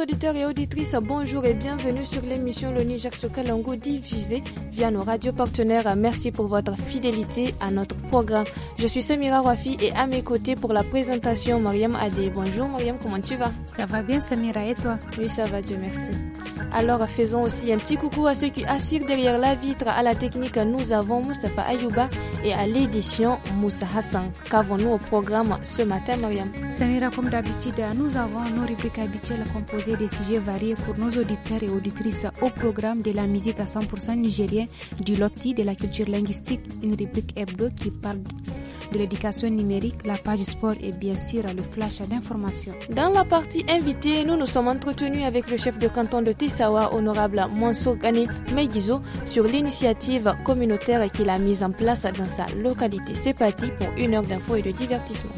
auditeurs et auditrices, bonjour et bienvenue sur l'émission Le Niger Sokalango Kalango via nos radios partenaires. Merci pour votre fidélité à notre programme. Je suis Samira Wafi et à mes côtés pour la présentation, Mariam Adé. Bonjour Mariam, comment tu vas Ça va bien Samira et toi Oui, ça va, Dieu merci. Alors faisons aussi un petit coucou à ceux qui assurent derrière la vitre. À la technique, nous avons Moussa Ayouba et à l'édition Moussa Hassan. Qu'avons-nous au programme ce matin, Mariam Samira, comme d'habitude, nous avons nos rubriques habituelles composées des sujets variés pour nos auditeurs et auditrices au programme de la musique à 100% nigérien, du loti, de la culture linguistique, une rubrique hebdo qui parle de l'éducation numérique, la page sport et bien sûr le flash d'information. Dans la partie invitée, nous nous sommes entretenus avec le chef de canton de Tissawa honorable Monso Gani sur l'initiative communautaire qu'il a mise en place dans sa localité. C'est parti pour une heure d'infos et de divertissement.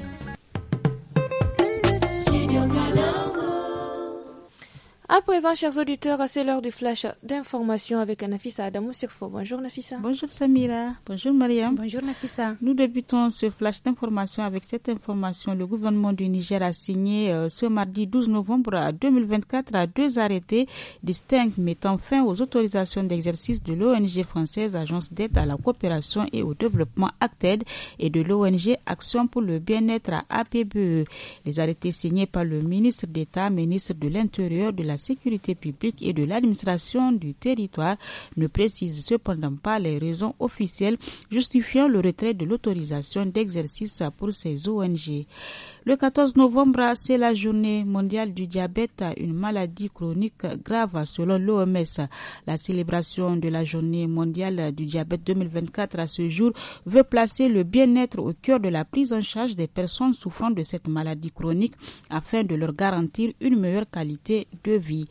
À présent, chers auditeurs, c'est l'heure du flash d'information avec Nafissa Adamou Sirfo. Bonjour Nafissa. Bonjour Samira. Bonjour Mariam. Bonjour Nafissa. Nous débutons ce flash d'information avec cette information. Le gouvernement du Niger a signé euh, ce mardi 12 novembre 2024 à deux arrêtés distincts mettant fin aux autorisations d'exercice de l'ONG française Agence d'aide à la coopération et au développement ACTED et de l'ONG Action pour le bien-être à APBE. Les arrêtés signés par le ministre d'État, ministre de l'Intérieur, de la sécurité publique et de l'administration du territoire ne précise cependant pas les raisons officielles justifiant le retrait de l'autorisation d'exercice pour ces ONG. Le 14 novembre, c'est la journée mondiale du diabète, une maladie chronique grave selon l'OMS. La célébration de la journée mondiale du diabète 2024 à ce jour veut placer le bien-être au cœur de la prise en charge des personnes souffrant de cette maladie chronique afin de leur garantir une meilleure qualité de vie.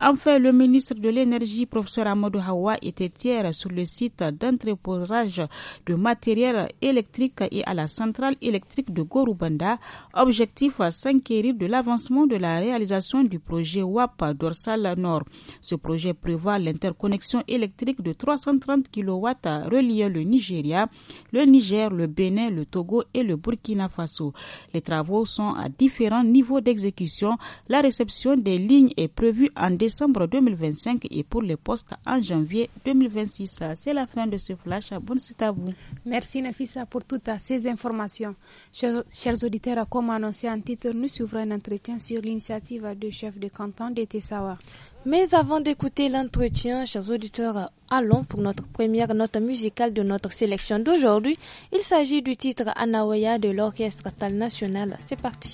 Enfin, le ministre de l'Énergie, professeur Amadou Hawa, était hier sur le site d'entreposage de matériel électrique et à la centrale électrique de Gorubanda, objectif à s'inquiéter de l'avancement de la réalisation du projet WAP dorsal nord. Ce projet prévoit l'interconnexion électrique de 330 kW reliant le Nigeria, le Niger, le Bénin, le Togo et le Burkina Faso. Les travaux sont à différents niveaux d'exécution. La réception des lignes est prévue en décembre 2025 et pour les postes en janvier 2026. C'est la fin de ce flash. Bonne suite à vous. Merci Nafisa pour toutes ces informations. Chers, auditeurs, comme annoncé en titre, nous suivrons un entretien sur l'initiative de chef de canton de Tessawa. Mais avant d'écouter l'entretien, chers auditeurs, allons pour notre première note musicale de notre sélection d'aujourd'hui. Il s'agit du titre Anawaya de l'Orchestre National. C'est parti.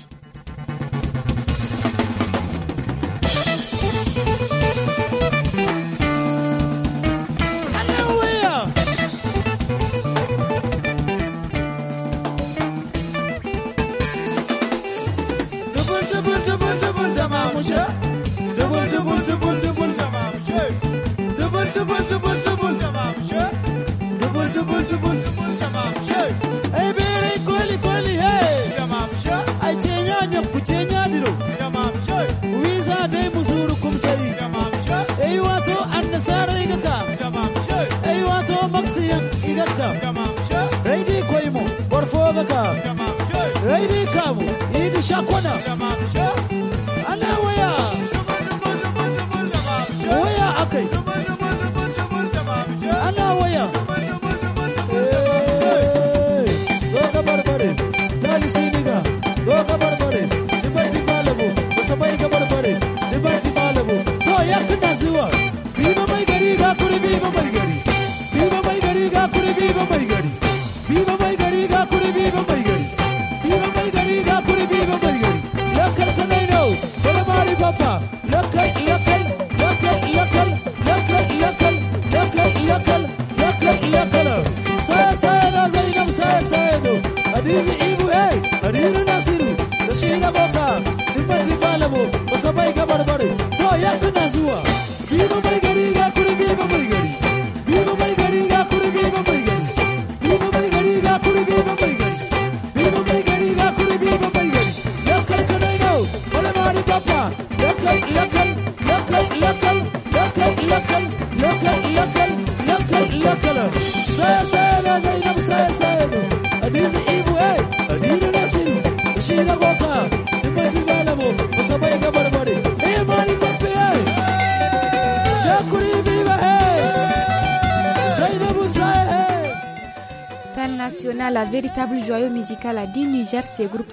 muje double, double, double.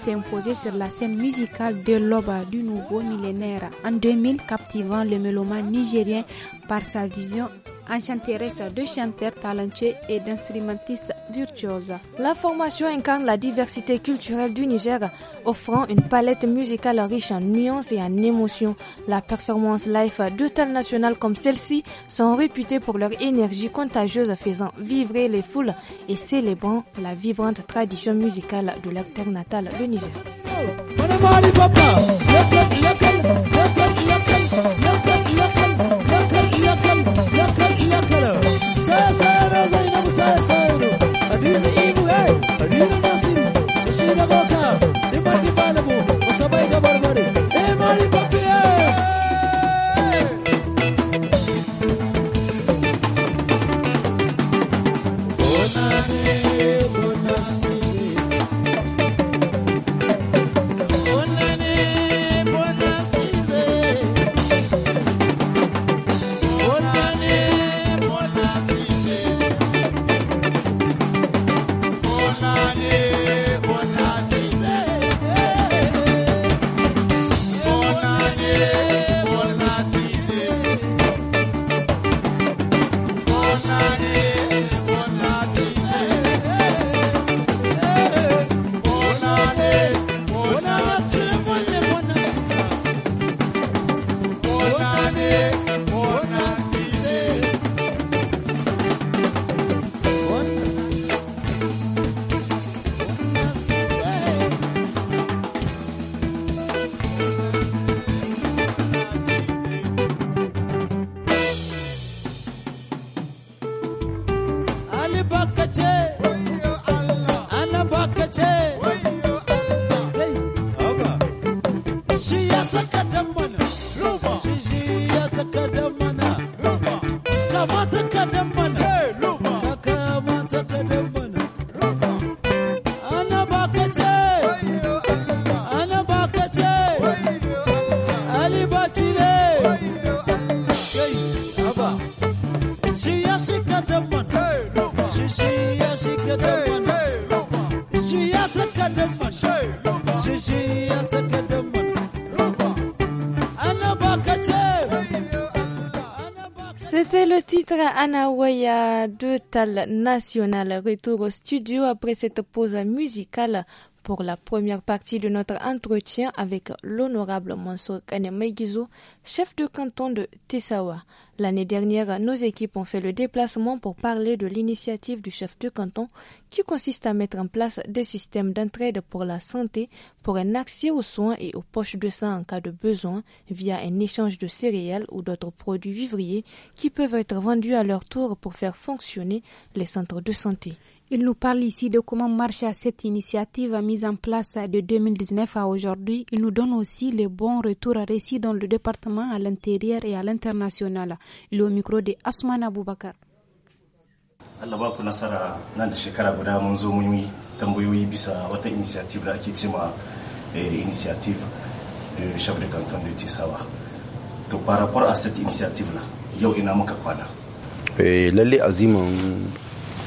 s'est imposé sur la scène musicale de l'oba du nouveau millénaire en 2000, captivant le mélomane nigérien par sa vision enchanteresse de chanteurs talentueux et d'instrumentistes virtuoses. La formation incarne la diversité culturelle du Niger, offrant une palette musicale riche en nuances et en émotions. La performance live de telles nationales comme celle-ci sont réputées pour leur énergie contagieuse faisant vibrer les foules et célébrant la vibrante tradition musicale de leur terre natale, le Niger. bakkache Anawaya de Tal National. Retour au studio après cette pause musicale pour la première partie de notre entretien avec l'honorable Mansour Kanemegizo, chef de canton de Tessawa. L'année dernière, nos équipes ont fait le déplacement pour parler de l'initiative du chef de canton qui consiste à mettre en place des systèmes d'entraide pour la santé, pour un accès aux soins et aux poches de sang en cas de besoin via un échange de céréales ou d'autres produits vivriers qui peuvent être vendus à leur tour pour faire fonctionner les centres de santé. Il nous parle ici de comment marche cette initiative mise en place de 2019 à aujourd'hui. Il nous donne aussi les bons retours à récits dans le département à l'intérieur et à l'international. Il micro de Asman Aboubakar. Allah ba nasara nan da shekara guda bisa wata initiative da ake eh, initiative de chef de canton de Tissawa. To par rapport à cette initiative là, yo ina muka kwana. Eh, lalle aziman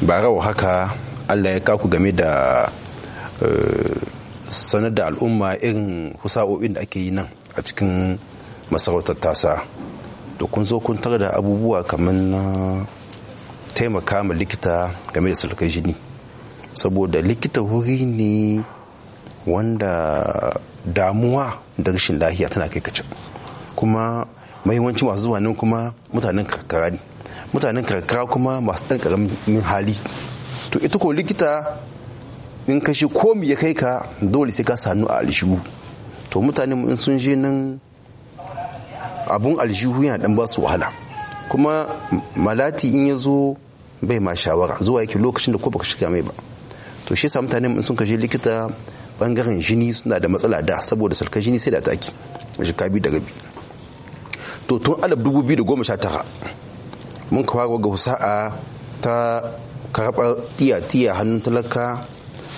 ba rawa haka allah ya kaku game da eh, sanar da al'umma irin husa'o'in da ake yi nan a cikin masarautar tasa da kun zo kun tara da abubuwa kamar na taimaka ma likita game da sulkar jini saboda likita wuri ne wanda damuwa da rashin lahiya tana kai kacin kuma mahimmanci masu zuwa nan kuma mutanen karkara ne mutanen karkara kuma masu ɗan ƙaramin hali to ita ko likita in ka komi ya kai ka dole sai ka sanu a aljihu to mutane in sun je nan abun aljihu yana dan ba su wahala kuma malati in ya zo bai ma shawara zuwa yake lokacin da ko baka shiga mai ba to shi yasa mutane in sun kashe likita bangaren jini suna da matsala da saboda sarkar jini sai da taki ka biyu da gabi to tun alaf dubu biyu da goma sha tara mun kawo ga husa'a ta karɓar tiya-tiya hannun talaka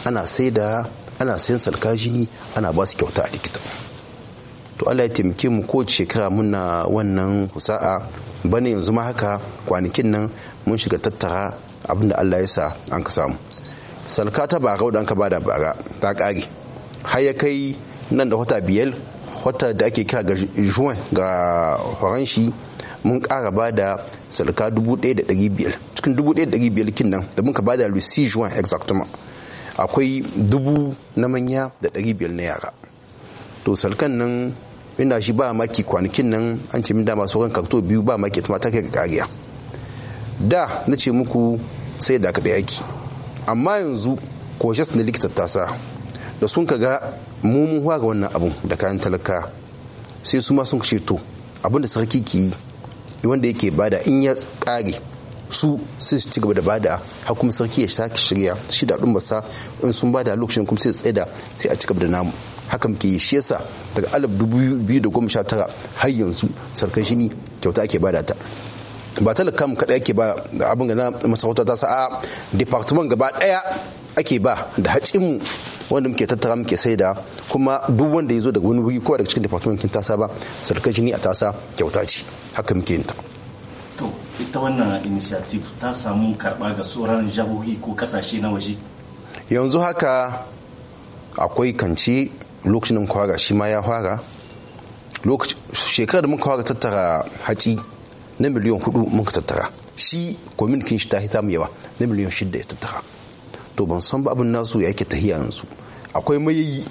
ana sai da ana sayan salkajini ana ba su kyauta a likita to allah ya taimake mu kowace shekara muna wannan husa'a bane yanzu ma haka kwanakin nan mun shiga tattara abinda allah ya sa an ka samu salka ta barau da an ka bada bara ta kare har ya kai nan da wata biyar wata da ake kira ga juin ga faranshi mun ƙara ba da salka 1,500 cikin 1,500 kin nan da muka ba da lucy juan exactement akwai dubu na manya da 500 na yara to salkan nan ina shi ba maki kwanakin nan an ce min dama sauran karto biyu ba maki ta ta kai ga kariya da na ce muku sai da kaɗai aiki amma yanzu koshes na likita ta sa da sun kaga mumun ga wannan abun da kayan talaka sai su ma sun kashe to abin da sarki ke yi wanda yake bada in ya kare su sai su ci gaba da bada har sarki ya sake shirya shi da dun basa in sun bada lokacin kuma sai tsaye da sai a ci gaba da namu haka muke yi shi yasa daga alif dubu da goma sha tara har yanzu shi shini kyauta ake bada ta ba talakam kaɗai ake ba abin ga na masarauta ta sa a department gaba ɗaya ake ba da hacin wanda muke tattara muke saida kuma duk wanda ya zo daga wani wuri ko daga cikin department ɗin tasa ba sarkar jini a tasa kyauta ce haka muke yin ta to ita wannan initiative ta samu karba ga sauran jahohi ko kasashe na waje yanzu haka akwai kanci lokacin kwara shi ma ya fara shekarar da muka fara tattara haci na miliyan hudu muka tattara shi kwamin kin shi ta hita mu yawa na miliyan shida ya tattara to ban san ba abin nasu ya ke tahiya yanzu akwai mayayi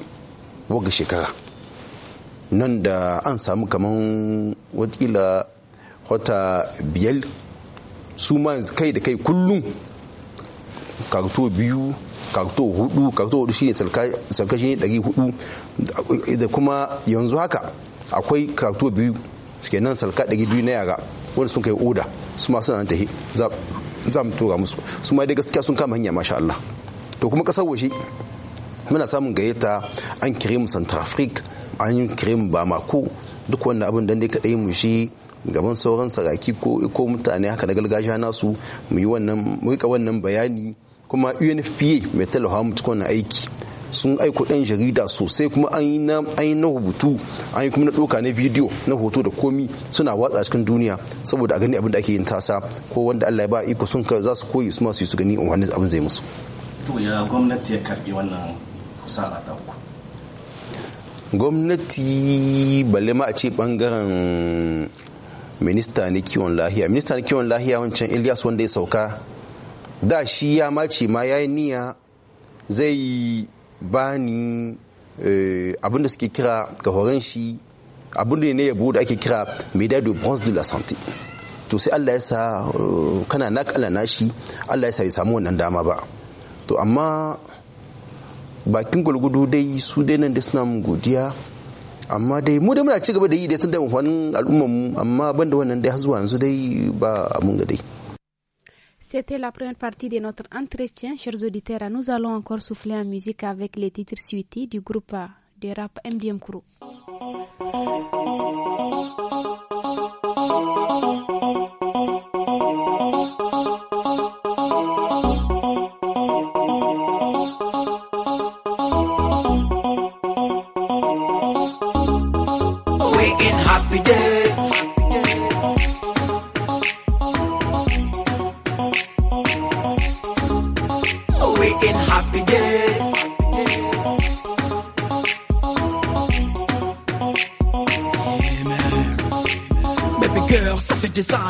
waga shekara nan da an samu kaman watakila wata biyar su ma yanzu kai da kai kullum karto biyu karto hudu karto hudu shine ne ɗari hudu da kuma yanzu haka akwai karto biyu suke nan salka ɗari biyu na yara wanda sun kai oda su ma suna tahi zab za mu tura musu su ma dai gaskiya sun kama hanya masha Allah to kuma kasar waje muna samun gayyata an kire mu Centrafrique an yi kire mu Bamako duk wannan abin dan dai kadai mu shi gaban sauran saraki ko ko mutane haka da gargajiya nasu mu yi wannan mu ka wannan bayani kuma UNFPA mai talaha mu cikin aiki sun aiko ɗan jarida sosai kuma an yi na rubutu an yi kuma na ɗoka na bidiyo na hoto da komi suna watsa cikin duniya saboda a gani abin da ake yin tasa ko wanda Allah ya ba iko sun ka za su koyi su ma su yi su gani wani abin zai musu. To ya gwamnati ya karɓi wannan husara ta uku. Gwamnati balle ma a ce bangaren minista na kiwon lahiya minista na kiwon lahiya wancan Ilyas wanda ya sauka da shi ya mace ma ya yi niyya zai ni eh, abin da suke kira ga horon shi abin da ne yabo da ake kira medal de bronze de la santé to sai Allah ya sa eh, kana naka Allah nashi Allah ya sa ya samu wannan dama ba to amma bakin gulgudu dai su dai nan da suna mu godiya amma dai mu da muna ci gaba da yi da tun da wani al'ummar mu amma banda wannan dai har zuwa yanzu dai ba mun ga dai C'était la première partie de notre entretien, chers auditeurs. Nous allons encore souffler en musique avec les titres suivis du groupe de rap MDM Crew.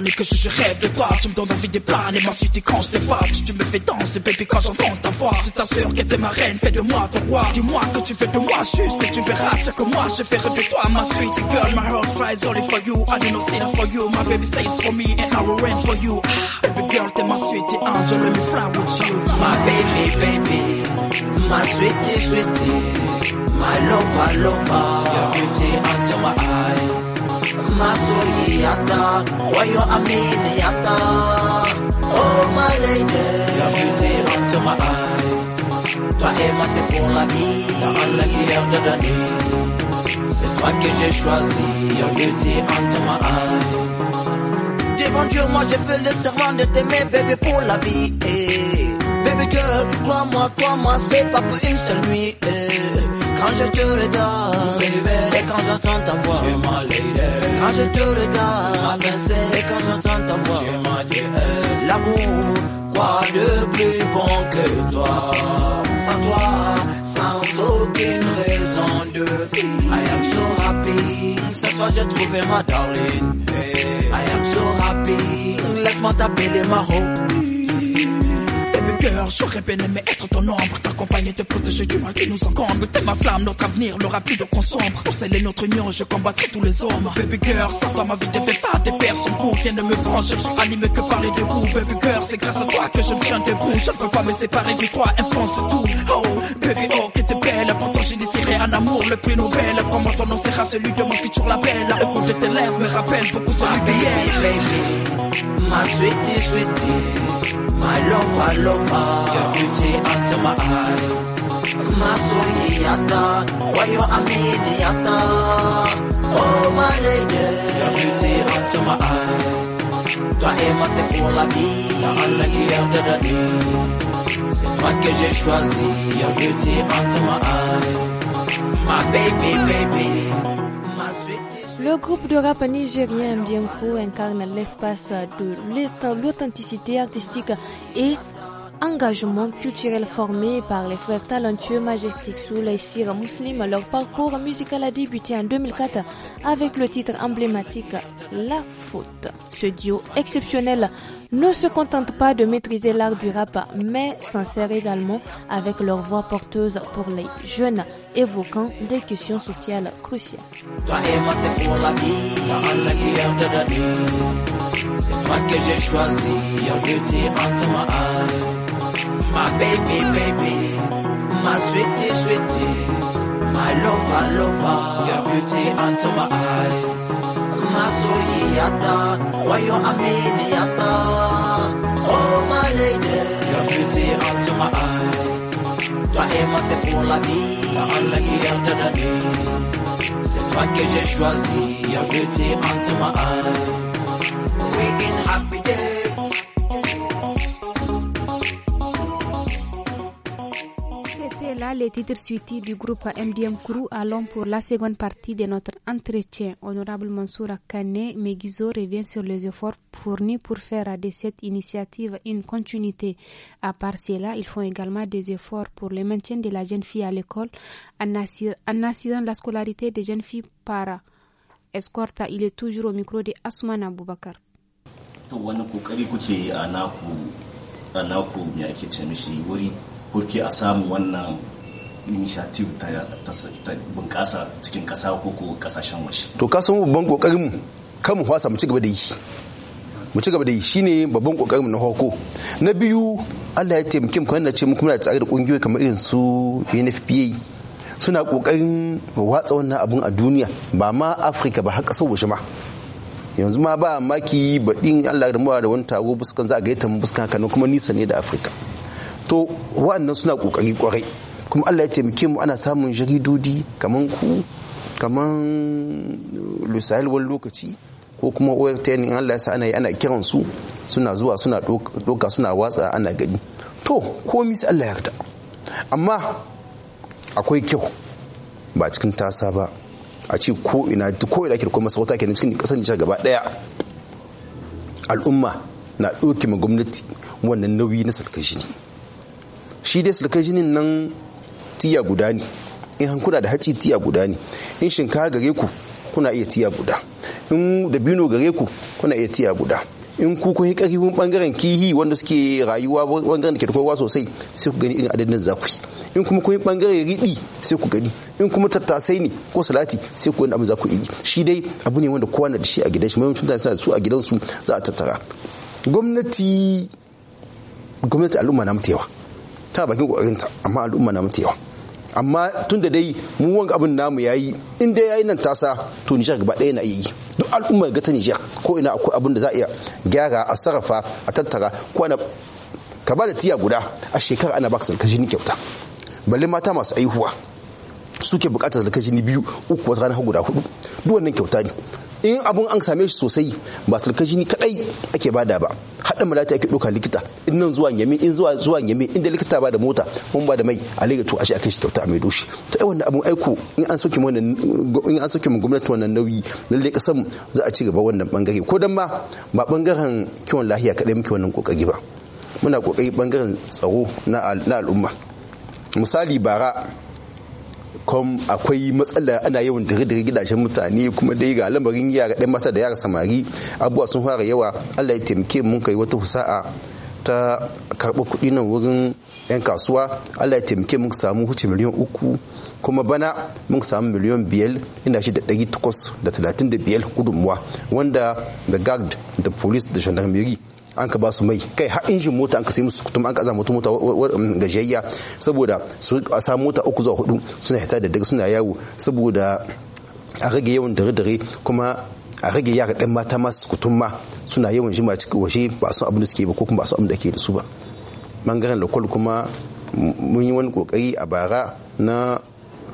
et que je, je, rêve de toi. Tu me donnes envie de planer, ma suite quand je te vois Tu me fais danser, baby quand j'entends ta voix. C'est ta sœur qui était ma reine, fais de moi ton roi. Dis-moi que tu fais de moi juste et tu verras ce que moi je ferai de toi, ma sweet girl. My heart cries only for you. I do not see that for you. My baby says for me and I will rain for you. Ah, baby girl, t'es ma sweetie angel, let me fly with you. My baby, baby, my sweetie, sweetie, my lover, lover. Your beauty unto my eyes yata. Oh my lady, beauty my eyes. Toi et moi c'est pour la vie, la Allah qui de C'est toi que j'ai choisi, your beauty onto my eyes. Devant Dieu, moi j'ai fait le serment de t'aimer, bébé, pour la vie. Bébé eh. Baby girl, crois-moi, crois-moi, c'est pas pour une seule nuit. Eh. Quand je te regarde, et quand j'entends ta voix, quand je te regarde, et quand j'entends ta voix, l'amour, quoi de plus bon que toi, sans toi, sans aucune raison de vie. I am so happy, cette fois j'ai trouvé ma darling. I am so happy, laisse-moi t'appeler ma hope. J'aurais bien aimé être ton ombre, t'accompagner, te protéger du mal qui nous encombre. T'es ma flamme, notre avenir, le rapide qu'on sombre. Pour sceller notre union, je combattrai tous les hommes. Baby girl, sans toi ma vie ne fait pas des personnes pour rien ne me branche. Je suis animé que par les deux vous Baby girl, c'est grâce à toi que je me tiens debout. Je ne veux pas me séparer de toi, pense tout. Oh, baby, oh, que t'es belle. Pourtant, j'initierai un amour, le plus Nobel. Comment moi ton nom, sera celui de mon futur label. Le compte de tes lèvres me rappelle beaucoup celui le Baby, baby, ma sweetie, sweetie, my love, my love, Your beauty unto my eyes. Masuriyata, wayo aminiyata. Oh my lady, your beauty unto my eyes. Toi et moi c'est pour la vie, Allah qui C'est toi que j'ai choisi, your beauty unto my eyes. My baby, baby. Le groupe de rap nigérien Mdienko incarne l'espace de l'authenticité artistique et engagement culturel formé par les frères talentueux Majestic sous et Sir Muslim. Leur parcours musical a débuté en 2004 avec le titre emblématique La Faute. Ce duo exceptionnel ne se contente pas de maîtriser l'art du rap, mais s'insère également avec leur voix porteuse pour les jeunes, évoquant des questions sociales cruciales. Toi moi c'est pour la vie, que j'ai choisi, my baby, baby, my sweetie, sweetie, my lover, lover. Your beauty unto my eyes. Masoyata, why you aminiata? Oh my lady, your beauty unto my eyes. Toi et moi c'est pour la vie, Allah qui garde la nuit. C'est toi que j'ai choisi, your beauty unto my eyes. We can happy. là les titres suivis du groupe MDM Crew. Allons pour la seconde partie de notre entretien. Honorable Mansour Akane Megizo revient sur les efforts fournis pour faire de cette initiative une continuité. À part cela, ils font également des efforts pour le maintien de la jeune fille à l'école en, assurant la scolarité des jeunes filles par escorte. Il est toujours au micro de Asman Aboubakar. kurke a samu wannan initiative ta, bunƙasa cikin ƙasa ko ko ƙasashen waje. To ka san babban ƙoƙarin mu kan mu hwasa mu ci gaba da yi. Mu ci gaba da yi shine babban ƙoƙarin mu na hoko. Na biyu Allah ya taimake mu kana ce mu kuma da tsare da ƙungiyoyi kamar irin su NFPA suna ƙoƙarin watsa wannan abun a duniya ba ma Afirka ba har ƙasar waje ma. yanzu ma ba maki baɗin Allah da da wani taro buskan za a gaita mu buskan haka kuma nisa ne da Afirka. to wa'annan suna kokari kwarai kuma Allah ya taimake mu ana samun jaridodi kaman ku kaman eh, lusail wani lokaci ko kuma ortn in Allah ya sa ana yi ana kiran su suna zuwa suna doka suna watsa ana gani to komi sai Allah ya yarda amma akwai kyau ba cikin tasa ba a ce ko ina ko ina ke da kuma sauta kenan cikin kasan Nijar gaba daya al'umma na ɗauke ma gwamnati wannan nauyi na sarkashi ne shi dai sulkai jinin nan tiya guda ne in hankuna da haci tiya guda ne in shinkafa gare ku kuna iya tiya guda in dabino gare ku kuna iya tiya guda in ku kun yi karfin bangaren kihi wanda suke rayuwa bangaren da ke kowa sosai sai ku gani irin adadin za ku yi in kuma kun yi bangaren riɗi sai ku gani in kuma tattasai ne ko salati sai ku gani abin za ku yi shi dai abu ne wanda kowa na da shi a gidan shi mai mutum da su a gidansu za a tattara gwamnati gwamnati al'umma na mutu yawa ta bakin kokarinta amma al'umma na mata yawa amma tun da dai mu wanga abin namu yayi in dai yayi nan tasa to Niger gaba ɗaya na yi duk al'ummar ga ta Nijar ko ina akwai abin da za a iya gyara a sarrafa a tattara ko ana ka ba da tiya guda a shekara ana baka sarka jini kyauta balle mata masu aihuwa suke bukatar sarkashi ni biyu uku wata rana guda hudu duk kyauta ne in abun an same shi sosai ba sulkan shi kadai ake bada ba haɗin malati ake ɗauka likita in nan zuwa yami in zuwa zuwa yami inda likita ba da mota mun ba da mai a liga to a shi kai shi kyauta a mai doshi to ai wannan abun aiko in an soke mu in an soke mu gwamnati wannan nauyi lalle kasan za a ci gaba wannan bangare ko dan ma ba bangaren kiwon lahiya kadai muke wannan kokari ba muna kokari bangaren tsaro na al'umma misali bara kom akwai matsala ana yawan dare dare gidajen mutane kuma dai ga lamarin yara ɗan mata da yara samari abubuwa sun fara yawa allah ya taimake mun kai wata fusa'a ta karɓi kuɗi nan wurin 'yan kasuwa allah ya taimake mun samu huce miliyan uku kuma bana mun samu miliyan biyar ina shi da ɗari takwas da talatin da biyar gudunmuwa wanda da guard da police da gendarmerie an ka ba su mai kai har injin mota an ka sai musu kutum an ka azama mota um, gajiyayya saboda su samu mota uku zuwa hudu suna hita da daga suna yawo saboda a rage yawan dare-dare kuma a rage yara ɗan mata masu kutum ma suna yawan jima cikin washe ba su abin da suke ba ko kuma ba su abin da ke da su ba bangaren lokal kuma mun yi wani kokari a bara na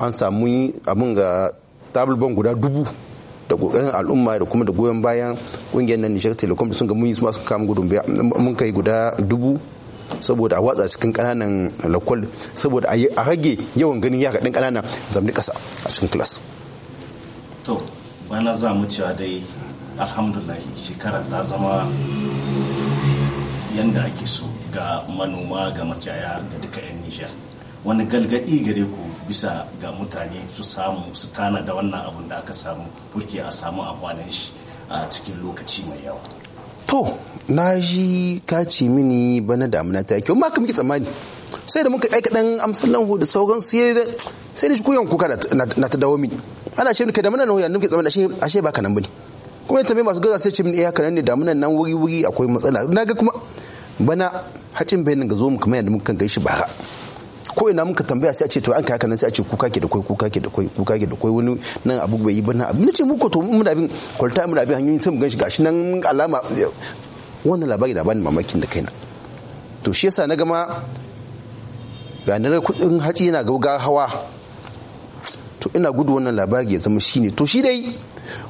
an samu abin ga tabulban guda dubu da kokarin al'umma da kuma da goyon bayan kungiyar nan nishar Telecom da sun ga mun yi kama gudun mun kai guda dubu saboda a watsa cikin kananan lakwal saboda a hage yawan ganin yara kaɗin kananan zamani ƙasa a cikin klas to bana za mu cewa dai alhamdulahi shekara ta zama yanda ake so ga manoma ga makiyaya da duka 'yan nishar wani galgadi gare ku bisa ga mutane su samu su tana da wannan abun da aka samu kuke a samu amfanin shi a cikin lokaci mai yawa to na ji ka ce mini bana damuna ta kyau ma ka muke tsammani sai da muka aika dan nan hu da sauran su sai da shi kuyan kuka na ta dawo mini ana ce kai damuna na hoya nuke tsammani ashe ashe baka nan bane kuma ya tambaye masu gaza sai ce mini eh haka nan ne damunan nan wuri wuri akwai matsala na ga kuma bana hacin bayanin ga zo mu kamar yadda muka kan gaishi bara ko ina muka tambaya sai a ce to an kai haka nan sai a ce kuka ke da kai kuka ke da kai kuka ke da kai wani nan abu bai yi ba na abu nace muku to mun da abin kwalta mun da abin hanyoyin sai mu ganshi gashi nan alama wannan labari da bani mamakin da kaina to shi yasa na gama ganar kudin haci yana gauga hawa to ina gudu wannan labari ya zama shine to shi dai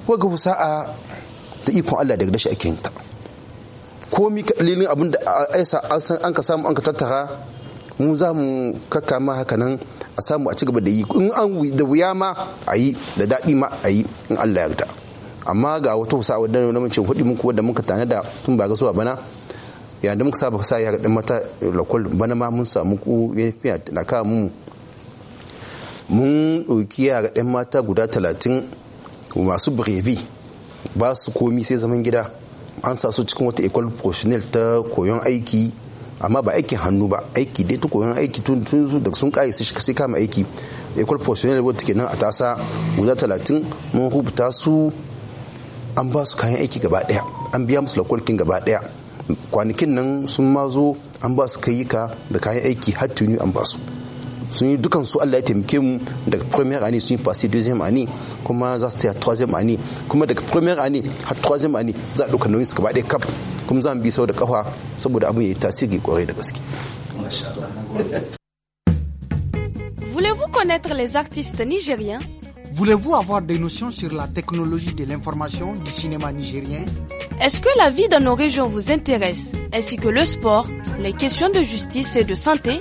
waga sa'a da ikon Allah daga dashi ake yinta komi kalilin abin da aisa an ka samu an ka tattara mu za mu ma haka nan a samu a cigaba da yi in an da wuya ma a yi da daɗi ma a yi in Allah ya yarda amma ga wata husa wadda na mace hudu muku wadda muka tanada tun ba gasuwa bana yayin da muka saba sa ya dan mata lokal bana ma mun samu ku yafiya na ka mu mun ɗauki yara ɗan mata guda talatin masu brevi ba su komi sai zaman gida an sa su cikin wata ecole professionnel ta koyon aiki amma ba aikin hannu ba aiki dai tukunan aiki tun da sun kare sai kama aiki ecole professionnel wadda take nan a tasa guda talatin mun rubuta su an ba su kayan aiki gaba daya an biya musu lakwalkin gaba daya kwanakin nan sun ma zo an ba su kayyuka da kayan aiki har tuni an ba su sun yi dukan su Allah ya taimake mu daga premier année sun yi passé deuxième année kuma za su tsaya troisième année kuma daga premier année har troisième année za a ɗauka nauyin su gaba ɗaya kaf kuma za mu bi sau da kafa saboda abin ya yi tasiri kwarai da gaske. Voulez-vous connaître les artistes nigériens Voulez-vous avoir des notions sur la technologie de l'information du cinéma nigérien Est-ce que la vie dans nos régions vous intéresse, ainsi que le sport, les questions de justice et de santé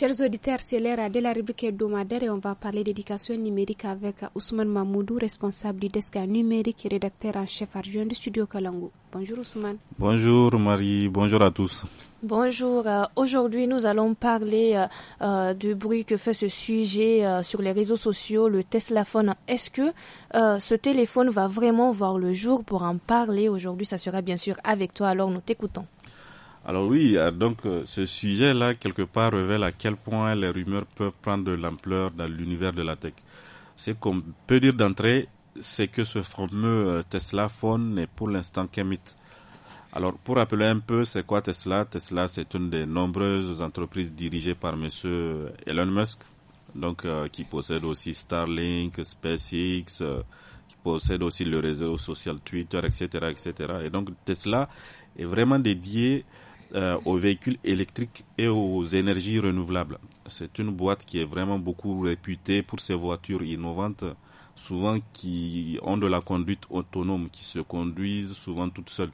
Chers auditeurs, c'est l'ère de la rubrique hebdomadaire et on va parler d'éducation numérique avec Ousmane Mamoudou, responsable du desk numérique et rédacteur en chef adjoint du studio Kalango. Bonjour Ousmane. Bonjour Marie, bonjour à tous. Bonjour, euh, aujourd'hui nous allons parler euh, euh, du bruit que fait ce sujet sur les réseaux sociaux, le teslaphone. Est-ce que ce téléphone va vraiment voir le jour pour en parler aujourd'hui Ça sera bien sûr avec toi, alors nous t'écoutons. Alors oui, euh, donc euh, ce sujet-là, quelque part, révèle à quel point les rumeurs peuvent prendre de l'ampleur dans l'univers de la tech. Ce qu'on peut dire d'entrée, c'est que ce fameux euh, Tesla phone n'est pour l'instant qu'un mythe. Alors pour rappeler un peu, c'est quoi Tesla Tesla, c'est une des nombreuses entreprises dirigées par M. Elon Musk, donc qui possède aussi Starlink, SpaceX, qui possède aussi le réseau social Twitter, etc., etc. Et donc Tesla est vraiment dédié euh, aux véhicules électriques et aux énergies renouvelables. C'est une boîte qui est vraiment beaucoup réputée pour ses voitures innovantes, souvent qui ont de la conduite autonome, qui se conduisent souvent toutes seules.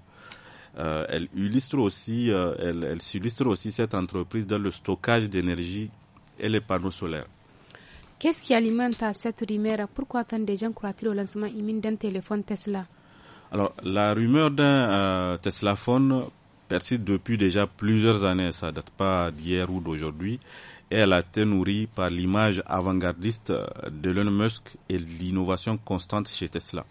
Euh, elle illustre aussi, euh, elle, elle aussi cette entreprise dans le stockage d'énergie et les panneaux solaires. Qu'est-ce qui alimente cette rumeur Pourquoi tant de gens croient-ils au lancement imminent d'un téléphone Tesla Alors, la rumeur d'un TeslaPhone. Tesla phone persiste depuis déjà plusieurs années, ça date pas d'hier ou d'aujourd'hui, et elle a été nourrie par l'image avant-gardiste de Elon Musk et l'innovation constante chez Tesla.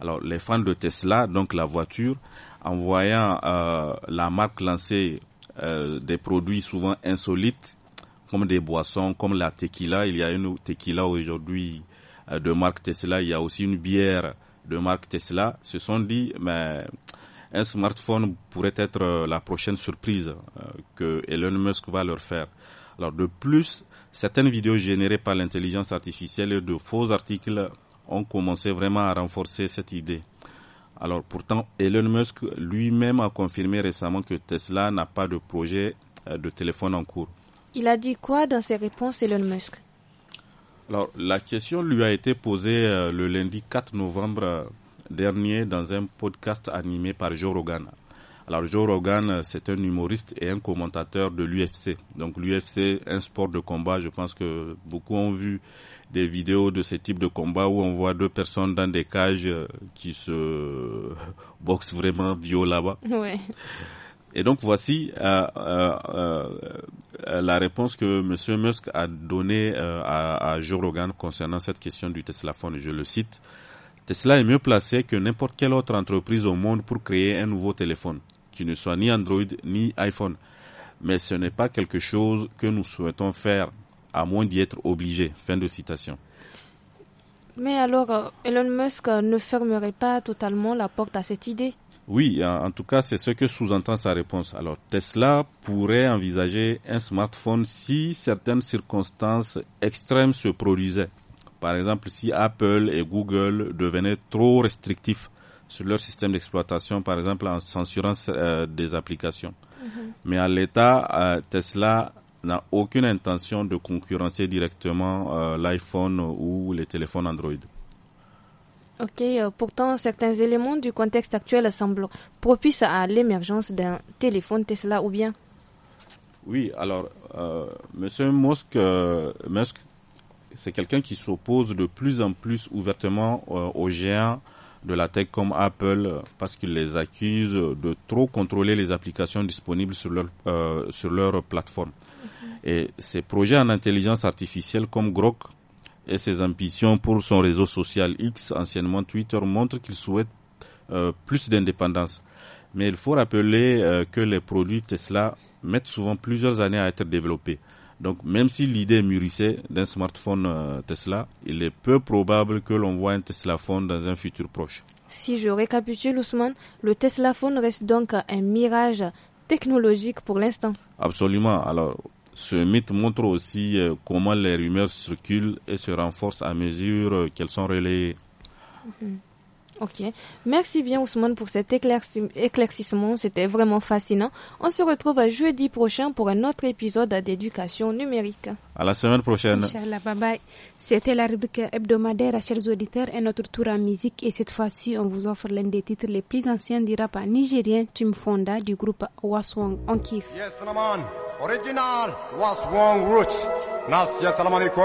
Alors les fans de Tesla, donc la voiture, en voyant euh, la marque lancer euh, des produits souvent insolites, comme des boissons, comme la tequila, il y a une tequila aujourd'hui euh, de marque Tesla, il y a aussi une bière de marque Tesla, se sont dit, mais un smartphone pourrait être euh, la prochaine surprise euh, que Elon Musk va leur faire. Alors de plus, certaines vidéos générées par l'intelligence artificielle et de faux articles ont commencé vraiment à renforcer cette idée. Alors pourtant, Elon Musk lui-même a confirmé récemment que Tesla n'a pas de projet euh, de téléphone en cours. Il a dit quoi dans ses réponses, Elon Musk Alors la question lui a été posée le lundi 4 novembre dernier dans un podcast animé par Joe Rogan. Alors Joe Rogan, euh, c'est un humoriste et un commentateur de l'UFC. Donc l'UFC, un sport de combat, je pense que beaucoup ont vu des vidéos de ce type de combat où on voit deux personnes dans des cages euh, qui se boxent vraiment violemment. là-bas. Et donc voici euh, la réponse que M. Musk a donnée à, Joe Rogan concernant cette question du Tesla Phone. Je le cite. Tesla est mieux placé que n'importe quelle autre entreprise au monde pour créer un nouveau téléphone, qui ne soit ni Android ni iPhone. Mais ce n'est pas quelque chose que nous souhaitons faire, à moins d'y être obligés. Fin de citation. Mais alors, euh, Elon Musk euh, ne fermerait pas totalement la porte à cette idée Oui, en tout cas, c'est ce que sous-entend sa réponse. Alors, Tesla pourrait envisager un smartphone si certaines circonstances extrêmes se produisaient. Par exemple, si Apple et Google devenaient trop restrictifs sur leur système d'exploitation, par exemple en censurant euh, des applications. Mm-hmm. Mais à l'état, euh, Tesla n'a aucune intention de concurrencer directement euh, l'iPhone ou les téléphones Android. Ok, pourtant certains éléments du contexte actuel semblent propices à l'émergence d'un téléphone Tesla ou bien Oui, alors, M. Musk c'est quelqu'un qui s'oppose de plus en plus ouvertement euh, aux géants de la tech comme Apple parce qu'il les accuse de trop contrôler les applications disponibles sur leur, euh, plateforme. Et ces projets en intelligence artificielle comme Grok et ses ambitions pour son réseau social X, anciennement Twitter, montrent qu'il souhaite euh, plus d'indépendance. Mais il faut rappeler que les produits Tesla mettent souvent plusieurs années à être développés. Donc même si l'idée mûrissait d'un smartphone euh, Tesla, il est peu probable que l'on voit un Tesla phone dans un futur proche. Si je récapitule Ousmane, le Tesla phone reste donc un mirage technologique pour l'instant. Absolument. Alors ce mythe montre aussi euh, comment les rumeurs circulent et se renforcent à mesure euh, qu'elles sont relayées. Mhm. Ok. Merci bien Ousmane pour cet éclaircissement. C'était vraiment fascinant. On se retrouve à jeudi prochain pour un autre épisode d'éducation numérique. À la semaine prochaine. C'était la rubrique hebdomadaire à chers auditeurs et notre tour à musique. Et cette fois-ci, on vous offre l'un des titres les plus anciens du rap nigérien Fonda du groupe Waswang. En kiffe. Original Roots. Nas,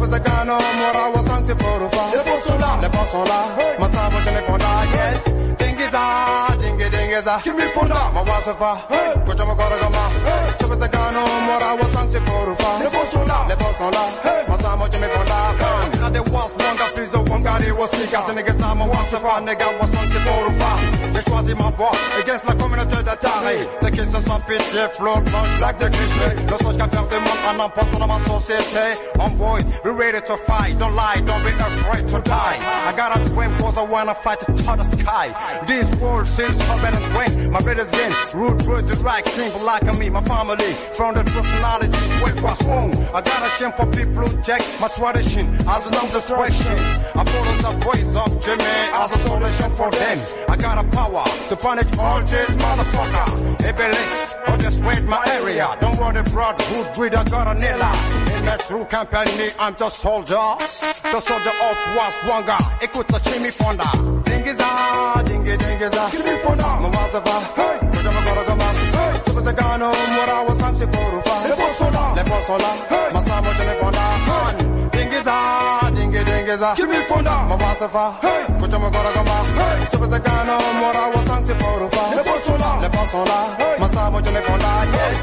was a gun on what I was on for far. Les bons ah, sont là, les bons sont là. Ma sabo je les fonda, yes. Dingiza, dingy dingiza. Give me fonda, ma wasafa. Hey, kocha ma kora gama. Hey, je was a gun on what I was on for far. Les bons sont là, les bons sont là. Hey, now they was manga, please don't wanga, they was sneakers. And niggas I'm a once a fan, nigga was once a four fan. J'ai choisi ma voix, against la communauté d'Atari. Ces questions sans pitié, flotte, mange, lac de clichés. Le songe qu'à faire des mondes en emportant dans ma société. On boy, we ready to fight, don't lie, don't be afraid to die. I got a dream cause I wanna fight to touch the sky. This world seems forbidden and dream. My brother's game, root, root, the right, simple like me, my family. From the personality, way past home. I got a shame for people who check my tradition. As an some destruction. I follow the voice of Jimmy as a solution for them. I got a power to punish all these motherfuckers. Iblis, or just wait my area. Don't worry, broad hood breed, I got a nilla. In that true company, I'm just soldier. The soldier of was wanga. Écoute la chimie fonda. Dingiza, dingy dingiza. Give me fonda. Mawazava, hey. Kujama gama. hey. Subazagano, mura wasansi forufa. Leposola, leposola, hey. Masamo jame fonda, hey. Give me my boss kuongeza kimifunda mabwasafa kucha magora gamba chapazakano mora wasansi forufa le posola masamo jone konda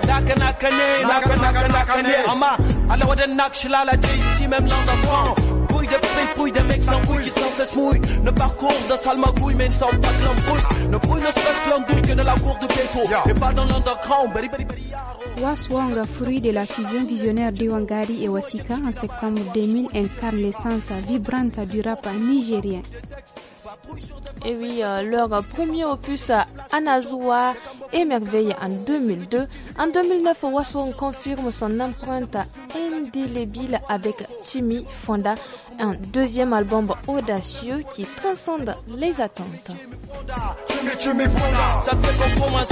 naka naka ne naka naka naka ne ama ala wadan nakshilala jisi mem langa fon fouille, des fake fouilles, des mecs sans bouille qui sans cesse mouillent. Le parcours d'un sale magouille, mais ne sont pas de l'embrouille. Ne brûle ne serait-ce que l'andouille que de la cour de ghetto. Et pas dans l'underground, bari bari bari Waswanga, fruit de la fusion visionnaire de Wangari et Wasika en septembre 2000, incarne l'essence vibrante du rap nigérien. Et oui, leur premier opus Anazua émerveille en 2002. En 2009, Wasson confirme son empreinte indélébile avec Timmy Fonda, un deuxième album audacieux qui transcende les attentes.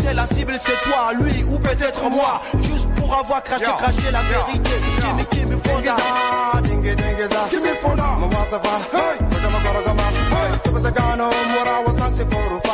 Ça la cible c'est toi, lui ou peut-être moi, juste pour avoir la vérité. morogama sebese gano mora wasansi forufa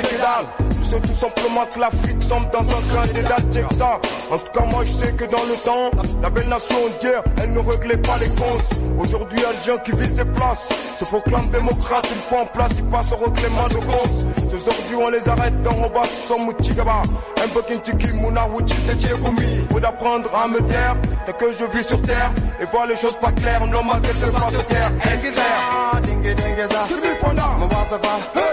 Nous C'est tout simplement que la fuite tombe dans un de d'œil En tout cas, moi je sais que dans le temps, la belle nation d'hier, elle ne réglait pas les comptes. Aujourd'hui, gens qui visent des places se proclament démocrate, une fois en place, ils passent au reclément de comptes. Ces ordures, on les arrête dans bas, son Moutigaba. Un peu Kintiki, Mouna, Wouti, Il Faut d'apprendre à me taire, tant que je vis sur terre et voir les choses pas claires. Non, ma tête se pas sur terre. Est-ce que Dingue, dingue, ça. Kirby Fonda, ça va. Hey!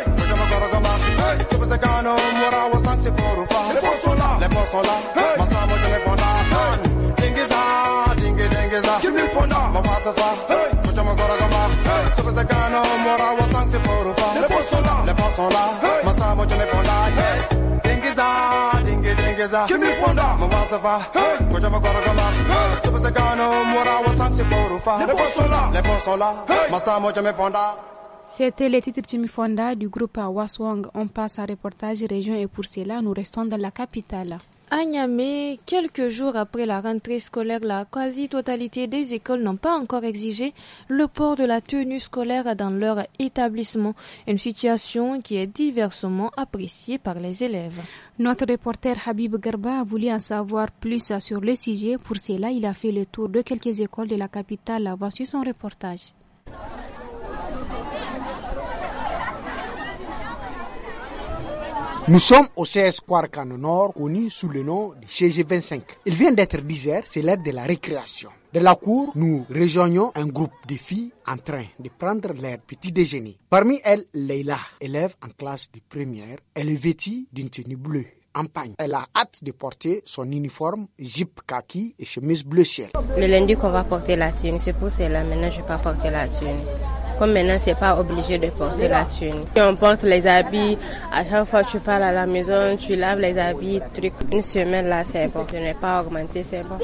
vous qu'un homme, voilà, on sent c'est fort ou fort. Les potes sont là, les potes sont là, ma salle, je réponds là. Dingiza, dingi, dingiza, give me fonda, ma voix se fa, moi, je me gola gama. Si vous êtes qu'un homme, voilà, on sent que c'est fort ou fort. Les potes sont là, les potes sont là, ma salle, je réponds là, yes. Dingiza, dingi, dingiza, give me fonda, ma voix se fa, moi, je me gola gama. Si vous êtes qu'un homme, voilà, on sent que c'est fort ou fort. Les potes sont là, les potes sont là, ma salle, moi, je me fonda. C'était le titre Fonda du groupe Waswang. On passe à reportage région et pour cela, nous restons dans la capitale. À Niamey, quelques jours après la rentrée scolaire, la quasi-totalité des écoles n'ont pas encore exigé le port de la tenue scolaire dans leur établissement, une situation qui est diversement appréciée par les élèves. Notre reporter Habib Garba a voulu en savoir plus sur le sujet. Pour cela, il a fait le tour de quelques écoles de la capitale. Voici son reportage. Nous sommes au CS Quarkan Nord, connu sous le nom de CG25. Il vient d'être 10 heures, c'est l'heure de la récréation. De la cour, nous rejoignons un groupe de filles en train de prendre leur petit déjeuner. Parmi elles, Leila, élève en classe de première, elle est vêtue d'une tenue bleue. En pagne. Elle a hâte de porter son uniforme, jeep kaki et chemise bleu ciel. Le lundi qu'on va porter la tenue, c'est pour cela. Maintenant, je ne vais pas porter la tenue. Comme maintenant, c'est pas obligé de porter la thune. on porte les habits, à chaque fois que tu parles à la maison, tu laves les habits, truc. Une semaine là, c'est bon. Je n'ai pas augmenté, c'est bon.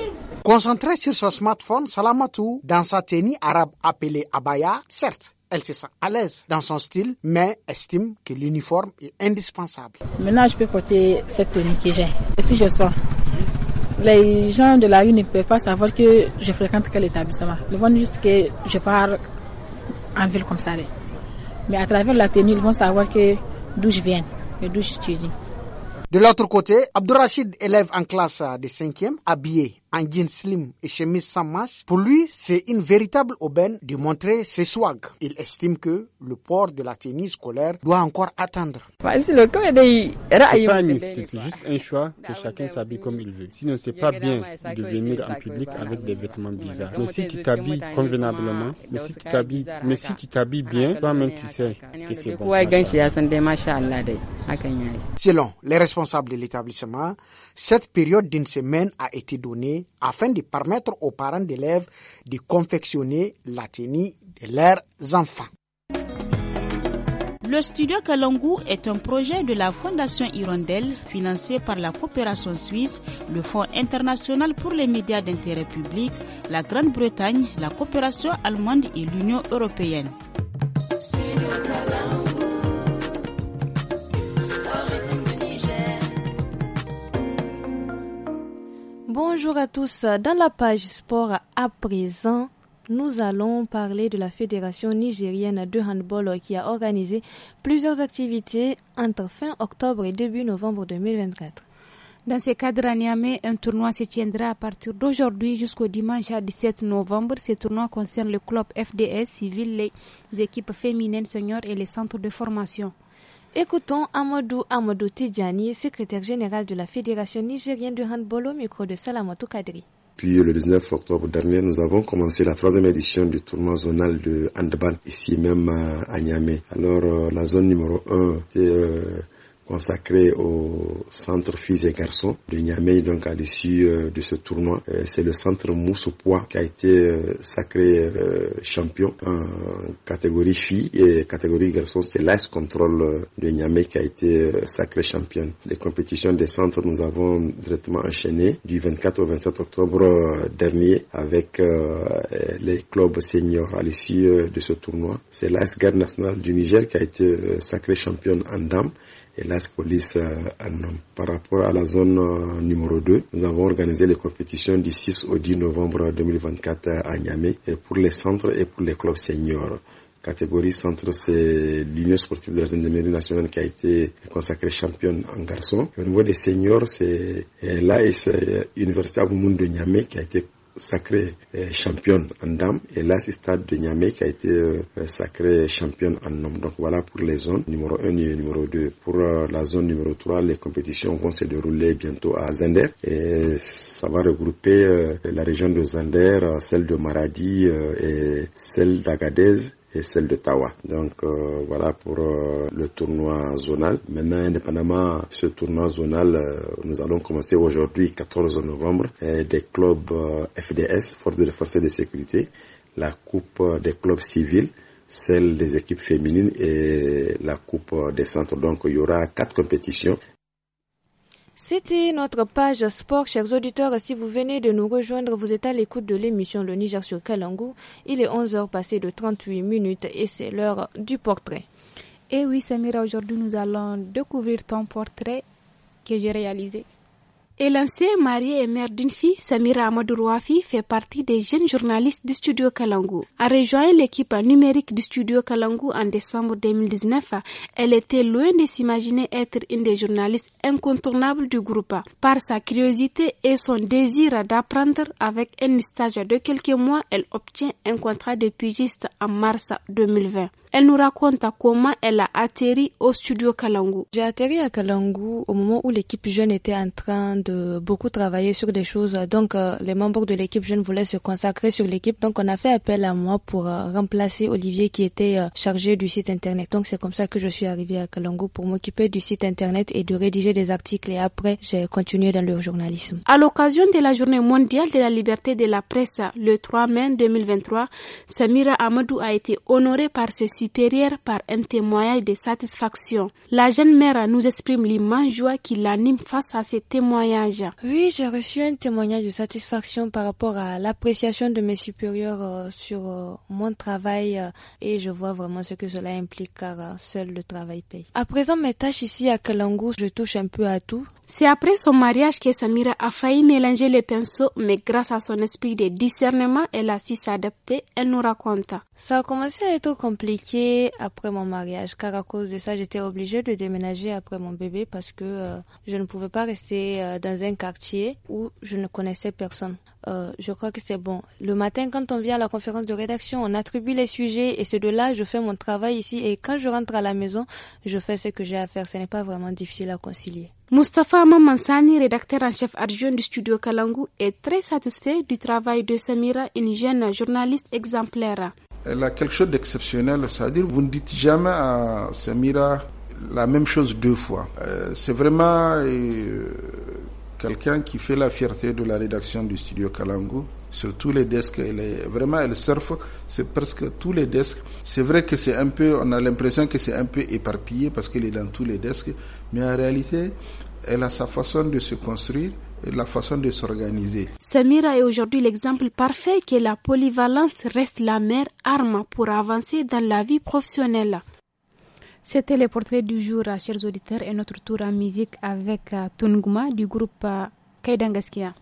Concentrée sur son smartphone, Salamatou, dans sa tenue arabe appelée abaya, certes, elle se sent à l'aise dans son style, mais estime que l'uniforme est indispensable. Maintenant, je peux porter cette tenue que j'ai. Et si je sors, les gens de la rue ne peuvent pas savoir que je fréquente quel établissement. Ils vont juste que je pars en ville comme ça. Mais à travers la tenue, ils vont savoir que d'où je viens et d'où je suis. De l'autre côté, Abdourachid, élève en classe de 5e, habillé en jeans slim et chemise sans manches, pour lui, c'est une véritable aubaine de montrer ses swags. Il estime que le port de la tenue scolaire doit encore attendre. C'est pas c'est juste un choix que bah chacun bah s'habille comme il veut. Sinon, c'est pas bien de venir en public avec des vêtements bizarres. Mais si tu t'habilles convenablement, mais si tu t'habilles, mais si tu t'habilles bien, toi-même tu sais que c'est bon. Selon les responsables de l'établissement, cette période d'une semaine a été donnée afin de permettre aux parents d'élèves de confectionner la tenue de leurs enfants. Le studio Kalangu est un projet de la Fondation Hirondelle financé par la coopération suisse, le Fonds international pour les médias d'intérêt public, la Grande-Bretagne, la coopération allemande et l'Union européenne. Bonjour à tous. Dans la page sport à présent, nous allons parler de la Fédération nigérienne de handball qui a organisé plusieurs activités entre fin octobre et début novembre 2024. Dans ce cadre, à Niamey, un tournoi se tiendra à partir d'aujourd'hui jusqu'au dimanche à 17 novembre. Ce tournoi concerne le club FDS civil, les équipes féminines seniors et les centres de formation. Écoutons Amadou Amadou Tidjani, secrétaire général de la Fédération nigérienne de handball au micro de Salamatou Kadri. Puis le 19 octobre dernier, nous avons commencé la troisième édition du tournoi zonal de handball ici même euh, à Niamey. Alors euh, la zone numéro 1, c'est euh, consacré au centre filles et garçons de Niamey, donc à l'issue euh, de ce tournoi. Euh, c'est le centre poids qui a été euh, sacré champion en catégorie filles et catégorie garçons. C'est l'AS Control de Niamey qui a été sacré champion. Les compétitions des centres, nous avons directement enchaîné du 24 au 27 octobre dernier avec les clubs seniors à l'issue de ce tournoi. C'est l'AS Garde nationale du Niger qui a été sacré champion en dames et Police euh, Par rapport à la zone euh, numéro 2, nous avons organisé les compétitions du 6 au 10 novembre 2024 euh, à Niamey pour les centres et pour les clubs seniors catégorie centre, c'est l'Union sportive de la mairie nationale qui a été consacrée championne en garçon. Au niveau des seniors, c'est l'AS Université Aboumoun de Niamey qui a été Sacré euh, championne en dames et l'AS Stade de Niamey qui a été euh, euh, sacré championne en hommes. Donc voilà pour les zones numéro 1 et numéro 2. Pour la zone numéro 3, les compétitions vont se dérouler bientôt à Zender et ça va regrouper la région de Zander celle de Maradi et celle d'Agadez et celle de Tawa. Donc euh, voilà pour euh, le tournoi zonal. Maintenant, indépendamment ce tournoi zonal, euh, nous allons commencer aujourd'hui 14 novembre des clubs FDS, Force de Force de Sécurité, la Coupe des clubs civils celle des équipes féminines et la Coupe des centres. Donc il y aura quatre compétitions c'était notre page sport, chers auditeurs. Si vous venez de nous rejoindre, vous êtes à l'écoute de l'émission Le Niger sur Kalangou. Il est 11h passé de 38 minutes et c'est l'heure du portrait. Et oui, Samira, aujourd'hui nous allons découvrir ton portrait que j'ai réalisé. Et mariée et mère d'une fille, Samira Amadou fait partie des jeunes journalistes du studio Kalangu. A rejoint l'équipe numérique du studio Kalangu en décembre 2019, elle était loin de s'imaginer être une des journalistes incontournables du groupe. Par sa curiosité et son désir d'apprendre avec un stage de quelques mois, elle obtient un contrat de pigiste en mars 2020. Elle nous raconte comment elle a atterri au studio Kalangu. J'ai atterri à Kalangu au moment où l'équipe jeune était en train de beaucoup travailler sur des choses. Donc, euh, les membres de l'équipe jeune voulaient se consacrer sur l'équipe. Donc, on a fait appel à moi pour euh, remplacer Olivier qui était euh, chargé du site internet. Donc, c'est comme ça que je suis arrivée à Kalangu pour m'occuper du site internet et de rédiger des articles. Et après, j'ai continué dans le journalisme. À l'occasion de la journée mondiale de la liberté de la presse, le 3 mai 2023, Samira Amadou a été honorée par ceci par un témoignage de satisfaction. La jeune mère nous exprime l'immense joie qui l'anime face à ces témoignages. Oui, j'ai reçu un témoignage de satisfaction par rapport à l'appréciation de mes supérieurs euh, sur euh, mon travail euh, et je vois vraiment ce que cela implique car seul le travail paye. À présent, mes tâches ici à Kalangu, je touche un peu à tout. C'est après son mariage que Samira a failli mélanger les pinceaux, mais grâce à son esprit de discernement, elle a su s'adapter, elle nous raconta. Ça a commencé à être compliqué après mon mariage, car à cause de ça, j'étais obligée de déménager après mon bébé parce que euh, je ne pouvais pas rester euh, dans un quartier où je ne connaissais personne. Euh, je crois que c'est bon. Le matin, quand on vient à la conférence de rédaction, on attribue les sujets et c'est de là que je fais mon travail ici. Et quand je rentre à la maison, je fais ce que j'ai à faire. Ce n'est pas vraiment difficile à concilier. Mustapha Mamansani, rédacteur en chef adjoint du studio Kalangu, est très satisfait du travail de Samira, une jeune journaliste exemplaire. Elle a quelque chose d'exceptionnel, c'est-à-dire vous ne dites jamais à Samira la même chose deux fois. Euh, c'est vraiment euh, quelqu'un qui fait la fierté de la rédaction du studio Kalango sur tous les desks. Elle est, vraiment, elle surfe sur presque tous les desks. C'est vrai que c'est un peu, on a l'impression que c'est un peu éparpillé parce qu'elle est dans tous les desks, mais en réalité, elle a sa façon de se construire et la façon de s'organiser. Samira est aujourd'hui l'exemple parfait que la polyvalence reste la mère arme pour avancer dans la vie professionnelle. C'était le portrait du jour, chers auditeurs, et notre tour en musique avec euh, Tunguma du groupe euh, Kaidangaskia.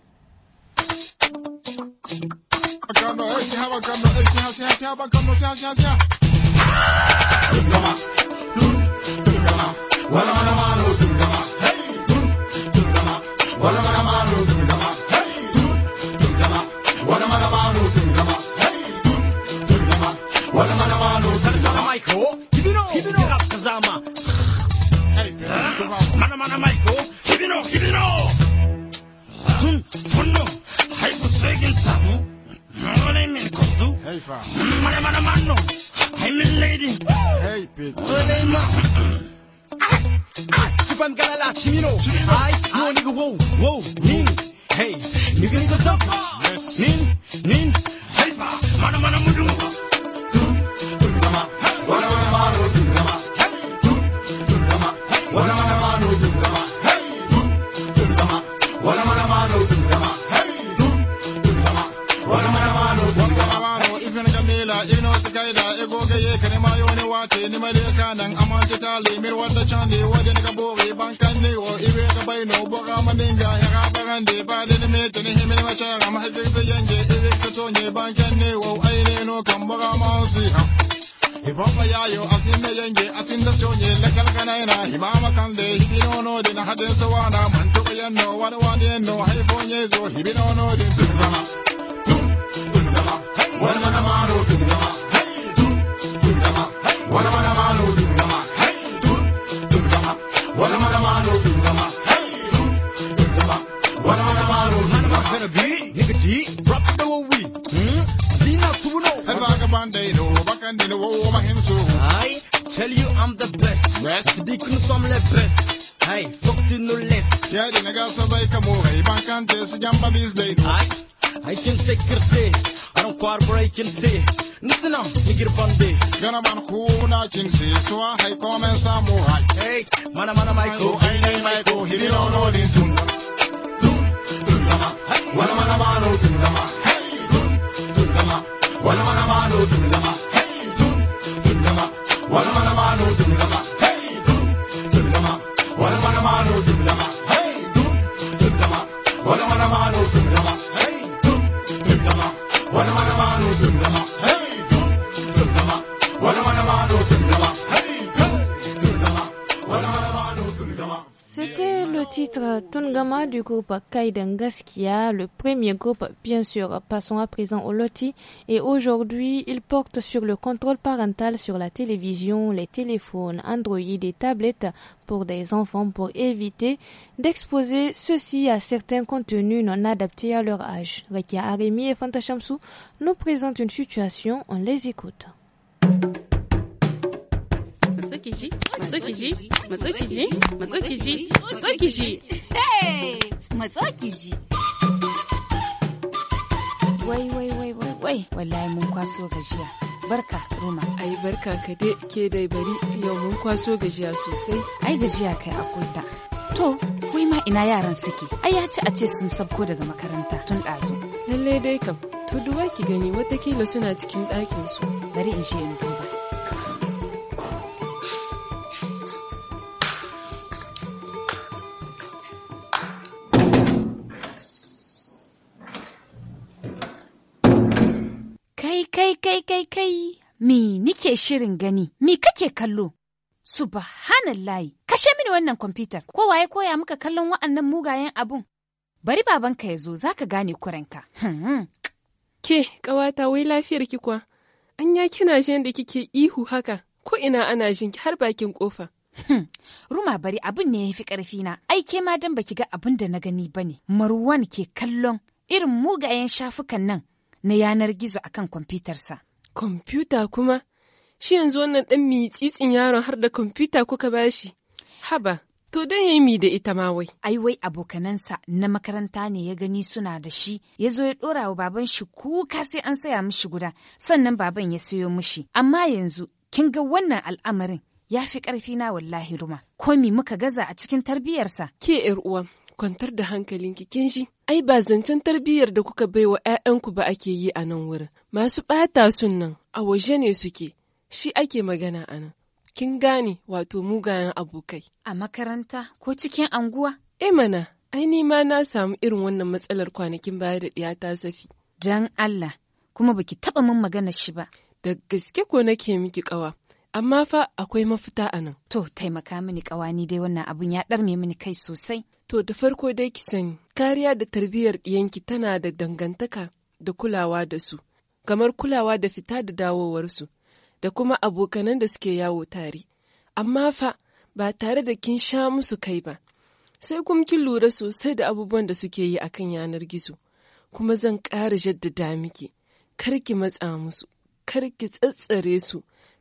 on the mic, goes. Give it all, give it all. Hun, hunno, hai bu swagin sabu. Ngole min kozu. Hey, fam. Mana mana mano. Hai min lady. Hey, bitch. Ngole ma. Sipam galala chimino. Ai, no nigga wo, wo, nin. Hey, nigga nigga stop. Nin, nin. Hey, fam. Mana mana mudu. mate ni maleka nan amante tale me wanda chande waje ni kabore bankande oh, wo iwe ka baino boga maninga hera barande bade ni mete ni himini machara mahajirze yange iwe ka tonye bankande wo oh, aine no kamboga mausi ha Ibaba yayo asinda yenge asinda chonye lekal kanaina himama kande hibino no no de na hadensa wana mantuka yanno wana wana yanno haifonye zo hibino no no de na. bandero, bacandino, oh, my hands I tell you I'm the best. Best? Dicono som le best. Hey, fuck tu no left. Yeah, the nigga survive come over. Bancante, si jamba bisley. I, I can take say I don't care what I can say. Listen up, nigger bande. Gonna man kuna chinsi, so I come and samurai. Hey, mana mana Michael, I name Michael, he didn't know this. Dum, dum, dum, dum, dum, dum, dum, dum, dum, one man a man, two lama. Hey, two, two lama. One man titre Tungama du groupe Gaskia, le premier groupe, bien sûr. Passons à présent au loti. Et aujourd'hui, il porte sur le contrôle parental sur la télévision, les téléphones, Android et tablettes pour des enfants pour éviter d'exposer ceux-ci à certains contenus non adaptés à leur âge. Rekia Arimi et Fanta Shamsou nous présentent une situation, on les écoute. matsukiji matsukiji matsukiji matsukiji matsukiji matsukiji wai wai wai wai wai wallahi mun kwaso gajiya barka roma ai barka ka dai ke dai bari yau mun kwaso gajiya sosai ai gajiya kai akwai ta to wai ma ina yaran suke ai ya ci a ce sun sabko daga makaranta tun ɗazu lallai dai kam to duwa ki gani watakila suna cikin ɗakin su bari in je in duba kake shirin gani? Me kake kallo? Subhanallahi, kashe mini wannan kwamfutar, kowa ya koya muka kallon wa'annan mugayen abun. Bari babanka ya zo, za ka gane kurenka. Hmm. Ke, ƙawata, wai lafiyar ki kuwa? An ya kina jin da kike ihu haka, ko ina ana jin ki har bakin kofa. Hmm. Ruma bari abun ne ya fi ƙarfi na, ai ma dan baki ga abun da na gani ba ne. Marwan ke kallon irin mugayen shafukan nan na yanar gizo akan kwamfutarsa. Kwamfuta kuma? shi yanzu wannan ɗan mitsitsin yaron har da kwamfuta kuka bashi. Haba, to don ya mi da ita ma wai. Ai wai abokanansa na makaranta ne ya gani suna da shi, ya zo ya ɗora wa baban shi kuka sai an saya mishi guda, sannan baban ya sayo mishi. Amma yanzu, kin ga wannan al'amarin ya fi ƙarfi na wallahi ruma. Komi muka gaza a cikin tarbiyyarsa. Ke ‘yar uwa, kwantar da hankalinki kin ji? Ai ba zancen tarbiyyar da kuka baiwa ‘ya'yanku ba ake yi a nan wurin. Masu ɓata sun nan, a waje ne suke. shi ake magana a nan. Kin gane wato mugayen abokai. A makaranta ko cikin anguwa? E mana, ai ni ma na samu irin wannan matsalar kwanakin baya da ta safi. Jan Allah, kuma baki taɓa min magana shi ba. Da gaske ko nake miki ƙawa, amma fa akwai mafita a nan. To, taimaka mini ƙawa ni dai wannan abun ya ɗarme mini kai sosai. To, da farko dai ki sani, kariya da tarbiyyar ɗiyanki tana da dangantaka da kulawa da su, kamar kulawa da fita da dawowarsu. da kuma abokanan da suke yawo tare amma fa ba tare da kin sha musu kai ba sai kuma kin lura sosai da abubuwan da suke yi akan yanar gizo kuma zan ƙara jaddada miki kar ki matsa musu karki ki tsatsare su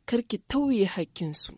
karki tauye hakkinsu.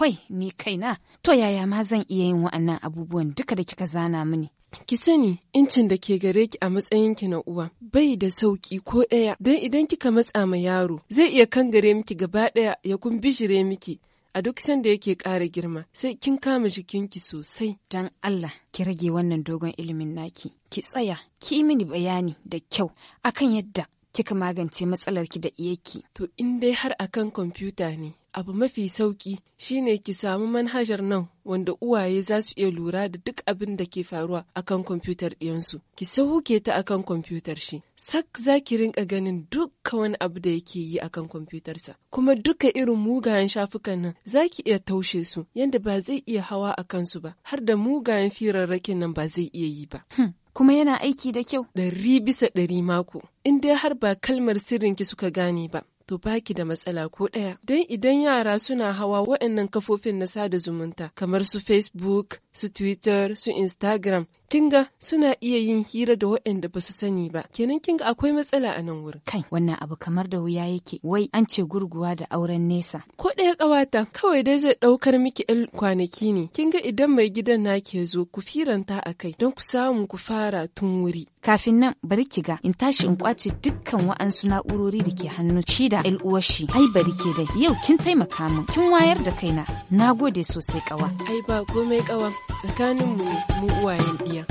Wai, ni kaina, to yaya ma zan iya yin wa'annan abubuwan duka da kika zana mini? Ki sani incin da ke gare ki a matsayinki na uwa bai da sauƙi ko ɗaya don idan kika matsa ma yaro zai iya kan gare miki gaba ɗaya ya kumbishire miki a duk sanda yake ƙara girma sai kin kama jikinki sosai. Don Allah ki rage wannan dogon ilimin naki, ki tsaya, ki mini bayani da kyau akan yadda kika magance matsalar ki da iyaki. To in dai har akan kwamfuta ne, abu mafi sauki shine ki samu manhajar nan wanda uwaye za su iya lura da duk abin da ke faruwa akan kwamfutar ɗiyansu. Ki sauke ta akan kwamfutar shi. Sak za ki rinka ganin duka wani abu da yake yi akan kwamfutarsa. Kuma duka irin mugayen shafukan nan za ki iya taushe su yadda ba zai iya hawa a kansu ba, har da mugayen firarrakin nan ba zai iya yi ba. Hmm. kuma yana aiki da kyau. Ɗari bisa ɗari mako, in dai har ba kalmar sirrinki suka gane ba. to baki da matsala ko ɗaya. Dan idan yara suna hawa waɗannan kafofin na sada zumunta kamar su Facebook, su twitter su instagram kinga suna iya yin hira da waɗanda ba su sani ba kenan kinga akwai matsala a nan wurin kai wannan abu kamar da wuya yake wai an ce gurguwa da auren nesa ko ɗaya ƙawata kawai dai zai ɗaukar miki yan kwanaki ne kinga idan mai gidan na ke zo ku firanta a kai don ku samu ku fara tun wuri kafin nan bari ki ga in tashi in kwace dukkan wa'ansu na'urori da ke hannu shi da yan uwashi. shi ai bari ke dai yau kin taimaka min kin wayar da kaina Na gode sosai ƙawa. ai ba komai ƙawa mu mu uwayen ɗiya.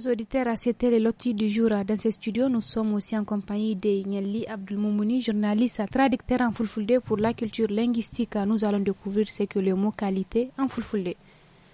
Chers auditeurs, c'était le loti du jour. Dans ces studios, nous sommes aussi en compagnie de Nyali Abdelmoumouni, journaliste traducteur en Fulfulde pour la culture linguistique. Nous allons découvrir ce que le mot qualité en Fulfulde.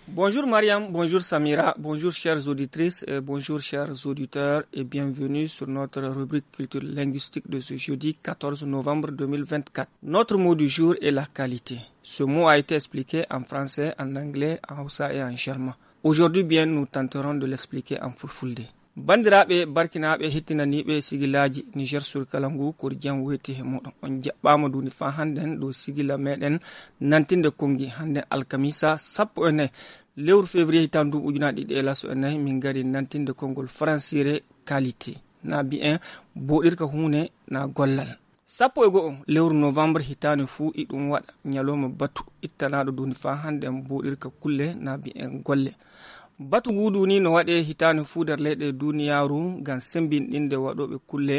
Bonjour Mariam, bonjour Samira, bonjour chères auditrices, et bonjour chers auditeurs et bienvenue sur notre rubrique culture linguistique de ce jeudi 14 novembre 2024. Notre mot du jour est la qualité. Ce mot a été expliqué en français, en anglais, en haussa et en germain. aujourd'hui bien nous tenterons de l'expliquer en fulfulde bandiraɓe barkinaɓe hettinaniɓe sigilaji niger sur kalangu kordiam weti he moɗon on jaɓɓama duni fa hannden ɗo sigila meɗen nantinde kongi hande alkamisa sappo enayi lewru février hitan duɓe ujunaɗi ɗi elaso enayi min gari nantinde kongol franciré qualité na bien boɗirka hunde na gollal sappo e goho lewru novembre hitani fuu iɗum waɗa ñalowma batu ittanaɗo duni fa hannden boɗirka kulle na bien golle batu ngundu ni no waɗe hitaane fuu nder leyɗe duniyaaru ngam sembinɗinde waɗoɓe kulle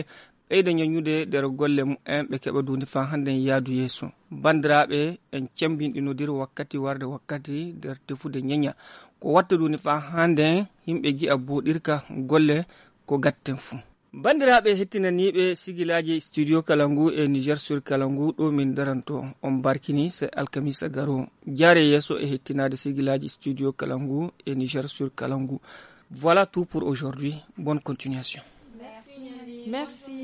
ɓeyde ñoñude nder golle mu'en ɓe keɓa dunde fa hannde en yahdu yeeso banndiraaɓe en cembinɗinodir wakkati warde wakkati nder tefude ñeña ko watta dunde fa hannde yimɓe gi'a booɗirka golle ko gatten fuu bandiraɓe hettinaniɓe sigilaji studio kalangu e niger sur kalangu ɗo min daranto on barkini se alkamisa garo jare yeeso e de sigilaji studio kalangu e niger sur kalangu voilà tout pour aujourd'hui bonne continuation merci, merci.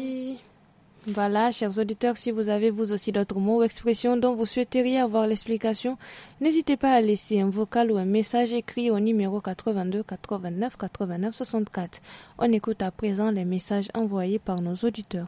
Voilà, chers auditeurs, si vous avez vous aussi d'autres mots ou expressions dont vous souhaiteriez avoir l'explication, n'hésitez pas à laisser un vocal ou un message écrit au numéro 82 89 89 64. On écoute à présent les messages envoyés par nos auditeurs.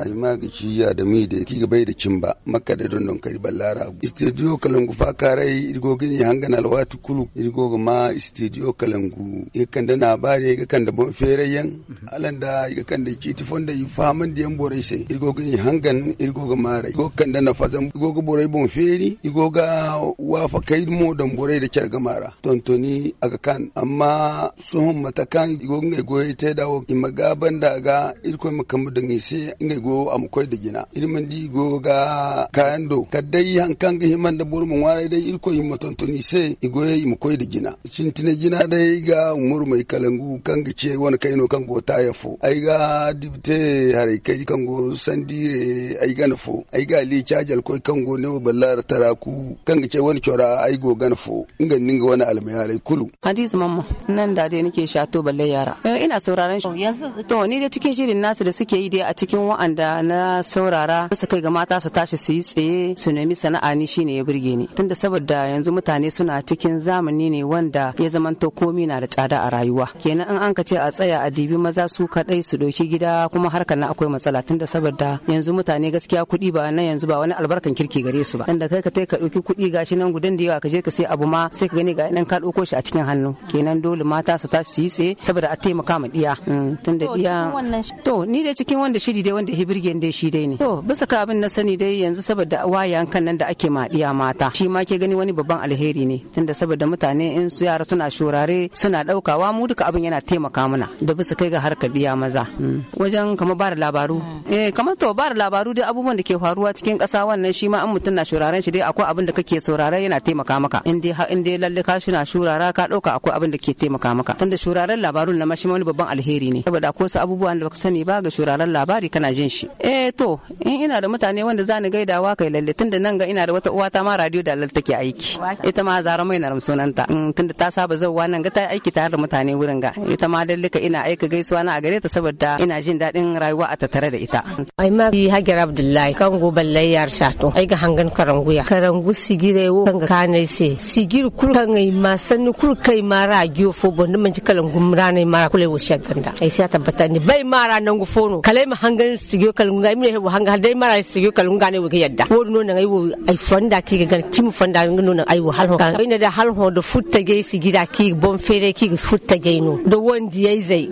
alma ga ciya da mi da ki bai da cimba makka da don don kari ballara studio kalangu fa karai irgo gini hangana alwatu kulu irgo ma studio kalangu e kan da na bare ga kan da bon ferayen alan da ga kan da kiti fonda yi faman da yan borai sai irgo gini hangan irgo ga mara irgo kan da na fazan irgo ga borai bon feri irgo ga wafa kai mo don borai da kyar gamara tontoni aga kan amma sohon matakan irgo ngai goye te dawo imagaban da ga irko makamu da ngise ngai go am koy da gina irman di go ga kayan do kadai hankan ga himan da burmun warai dai irko himma tontoni i igo yayi mu koy da gina tine gina dai ga umur mai kalangu kan ga ce wani n'o kan go ta yafo ai ga dibte hare kai kan go sandire ai ga nafo ai ga li chajal koy kan go ne ballar taraku kan ga ce wani chora ai go ga nafo ingan ninga wani almayalai kulu hadiz mamma nan da dai nake to balle yara eh, ina sauraron shi yanzu to ni dai cikin shirin nasu da suke yi dai a cikin wa'anda da na saurara su kai ga mata su tashi su yi tsaye su nemi sana'a ni shine ya burge ni tunda saboda yanzu mutane suna cikin zamani ne wanda ya zamanto komi na da tsada a rayuwa kenan in an ka ce a tsaya a dibi maza su kadai su doki gida kuma harkar na akwai matsala tunda saboda yanzu mutane gaskiya kuɗi ba na yanzu ba wani albarkan kirki gare su ba tunda kai ka ka ɗauki kuɗi gashi nan gudan da yawa ka je ka sai abu ma sai ka gani ga nan ka ɗauko shi a cikin hannu kenan dole mata su tashi su yi tsaye saboda a taimaka ma diya mm, tunda diya to ni da cikin wanda shiri dai wanda birgen dai shi dai ne to bisa ka abin na sani dai yanzu saboda wayan kan nan da ake maɗiya mata shi ma ke gani wani babban alheri ne tunda saboda mutane in su yara suna shorare suna ɗaukawa mu duka abin yana taimaka mana da bisa kai ga harkar biya maza mm. wajen kamar bara labaru mm. eh kamar to bara labaru dai abubuwan da ke faruwa cikin ƙasa wannan shi ma an mutum na shoraren shi dai akwai abin da kake saurare yana taimaka maka in dai in dai lalle ka na shurara ka ɗauka akwai abin da ke taimaka maka tunda shuraren labarun na ma shi wani babban alheri ne saboda ko su abubuwan da baka sani ba ga shoraren labari kana jin shi shi eh to in ina da mutane wanda zani gaidawa kai lalle tunda nan ga ina da wata uwa ta ma radio da lalle take aiki ita ma zara mai naram sunanta mm, tunda ta saba zauwa nan ga ta aiki tare da mutane wurin ga ita ma lalle ka ina aika gaisuwa na a gare ta saboda ina jin daɗin rayuwa a tattare da ita ai ma bi hagar abdullahi kan go balle yar shato ai ga hangan karanguya. karangu sigire wo kan ga kanai se sigir kur kan ai ma sanni kur kai ma radio fo bon mun ji kalangu ranai ma kule wo shaganda ai sai tabbata ni bai ma ranan go kalai ma hangan sigire yo kalunga imre hebo hanga dai mara sigiyo yo kalunga ne wuge yadda wodu no nangai wo ay fonda ki ga tim fonda no nan ai wo halho kan ina da halho do futta ge sigira ki bon fere ki futta ge no do wondi yai zai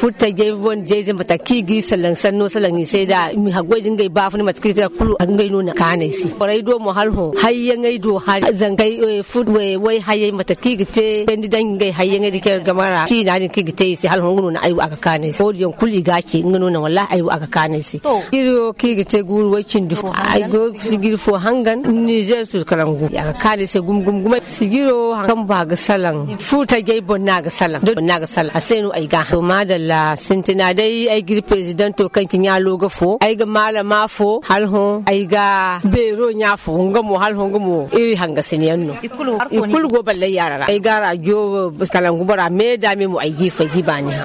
futta ge won je zai mata ki gi salan san no salan sai da mi hagwai dingai ba funi matki ta kulu an gai no na ne si korai do mo halho hayyan ngai do har zangai food way way hayai mata ki gite bendi dan ngai hayyan ngai ke gamara ki na ni ki gite si halho ngunu na ai aka ne si wodi yan kuli gaci ngunu na wallahi ai aka kane si se giro kigi te guru wacin du ay go sigir fo hangan niger su karangu ya kale se gum gum gum sigiro kan ba ga salan mm. futa bon na ga salan do na ga salan asenu ai ga to madalla sintina dai ai gir president to kan kin yalo ga fo ai ga malama fo hal ho ay ga bero nya fo ngamo hal ho ngamo iri hanga sinyanno ikulu go balle yarara ai ga ra jo kalangu bara me da me mu ai gi fa gi bani ha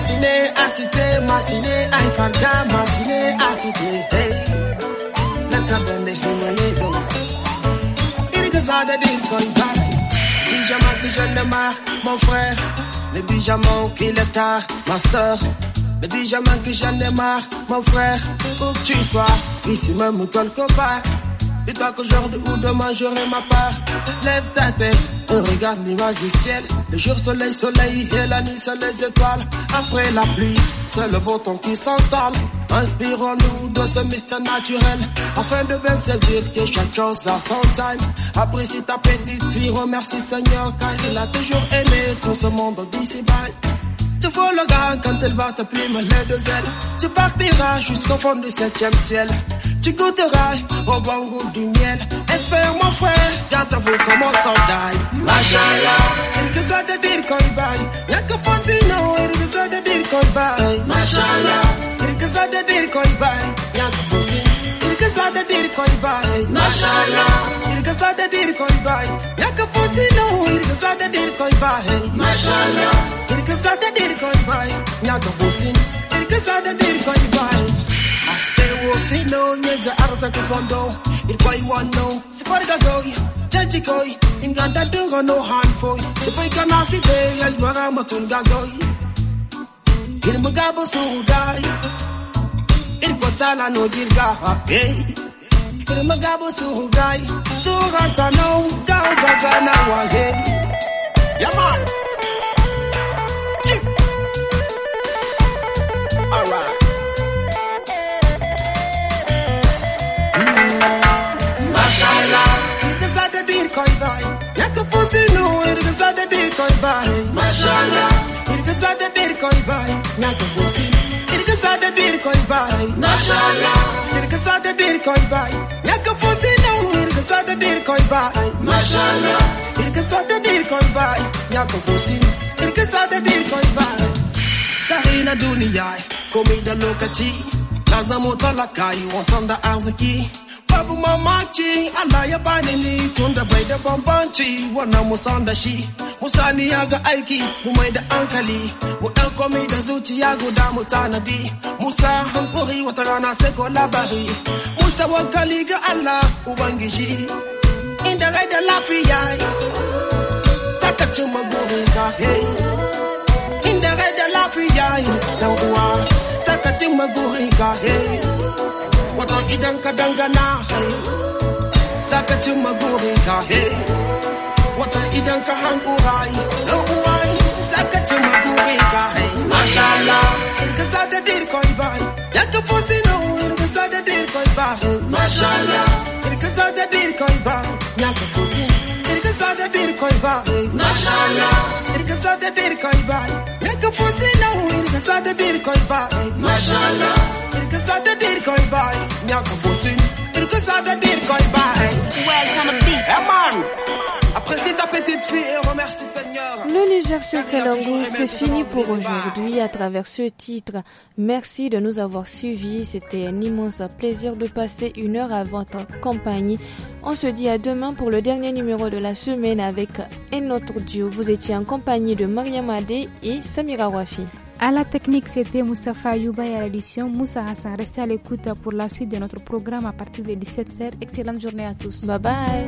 Masine, asite, masine, aifanta, masine, asite, Nakabende humanism. Irigazada din konbara. Pyjama mon frère. Le pyjama qu'il ma sœur, Le pyjama que je ne mon frère. Où que tu sois, ici même quelque part. Dis-toi qu'aujourd'hui ou demain j'aurai ma part. Lève ta tête, regarde l'image du ciel. Le jour, soleil, soleil et la nuit, c'est les étoiles. Après la pluie, c'est le beau temps qui s'entale. Inspirons-nous de ce mystère naturel afin de bien saisir que chaque chose a son time. Apprécie ta petite fille, remercie Seigneur car il a toujours aimé tout ce monde d'ici bas. Te voilà quand elle va t'appeler ma demoiselle. Tu partiras jusqu'au fond du septième ciel. Tu goûteras au bon goût du miel. Espère mon frère, garde à vous comme on s'en taille. Machallah, il te de dire qu'on baille. Y'a que Fosino, il te de dire qu'on baille. Machallah, il te de dire qu'on baille. Y'a que Fosino. Il de dire qu'on baille. Machallah, il de dire qu'on baille. Y'a que Fosino, il te sort de dire qu'on baille. Machallah. sa da dir koy bay nya do bosin dir ka sa da dir koy bay aste wo sino nya za arza ko kondo ir koy wano se for ga go jaji koy in ga da do no han fo se pay ka nasi de yal waga matun ga go ir mga bo su dai ir ko no dir ga ha hey ir mga bo su dai su ga ta no ga ga na wa hey yeah man Take a pussy no, irgazade dir koi bai. Mashallah. Irgazade dir koi bai. Nyaka pussy. Irgazade dir koi bai. Mashallah. Irgazade dir koi bai. Nyaka pussy no, irgazade dir koi bai. Mashallah. Irgazade dir koi bai. Nyaka pussy. Irgazade dir koi bai. Sahina dunia, komida lokaci. Tazamo talakai, wantanda arziki. babu mamaci Allah ya bani ni tun da bai da bambanci wannan musan da shi musani ya ga aiki mu mai da hankali mu ɗauko mai da zuciya guda mu tanadi musa hankuri wata rana sai ko labari mu tawakkali ga Allah ubangiji inda rai da lafiya zaka ci maburin ka inda rai da lafiya ɗan uwa zaka ci maburin ka idan ka dangana za ka cimma burinka wata idan ka hankura dan uwa za ka cimma burinka masha Allah irka za da dir koi bai ya ka fosi no irka za da dir koi bai masha irka za da dir koi bai ya ka fosi irka za da dir koi bai masha irka za da dir koi bai ya ka fosi no irka za da dir koi bai masha Seigneur. Le Niger sur c'est fini pour aujourd'hui à travers ce titre. Merci de nous avoir suivis. C'était un immense plaisir de passer une heure à votre compagnie. On se dit à demain pour le dernier numéro de la semaine avec un autre duo. Vous étiez en compagnie de Mariam et Samira Wafi. À la technique, c'était Mustafa Ayouba et à l'édition Moussa Hassan. Restez à l'écoute pour la suite de notre programme à partir de 17h. Excellente journée à tous. Bye bye.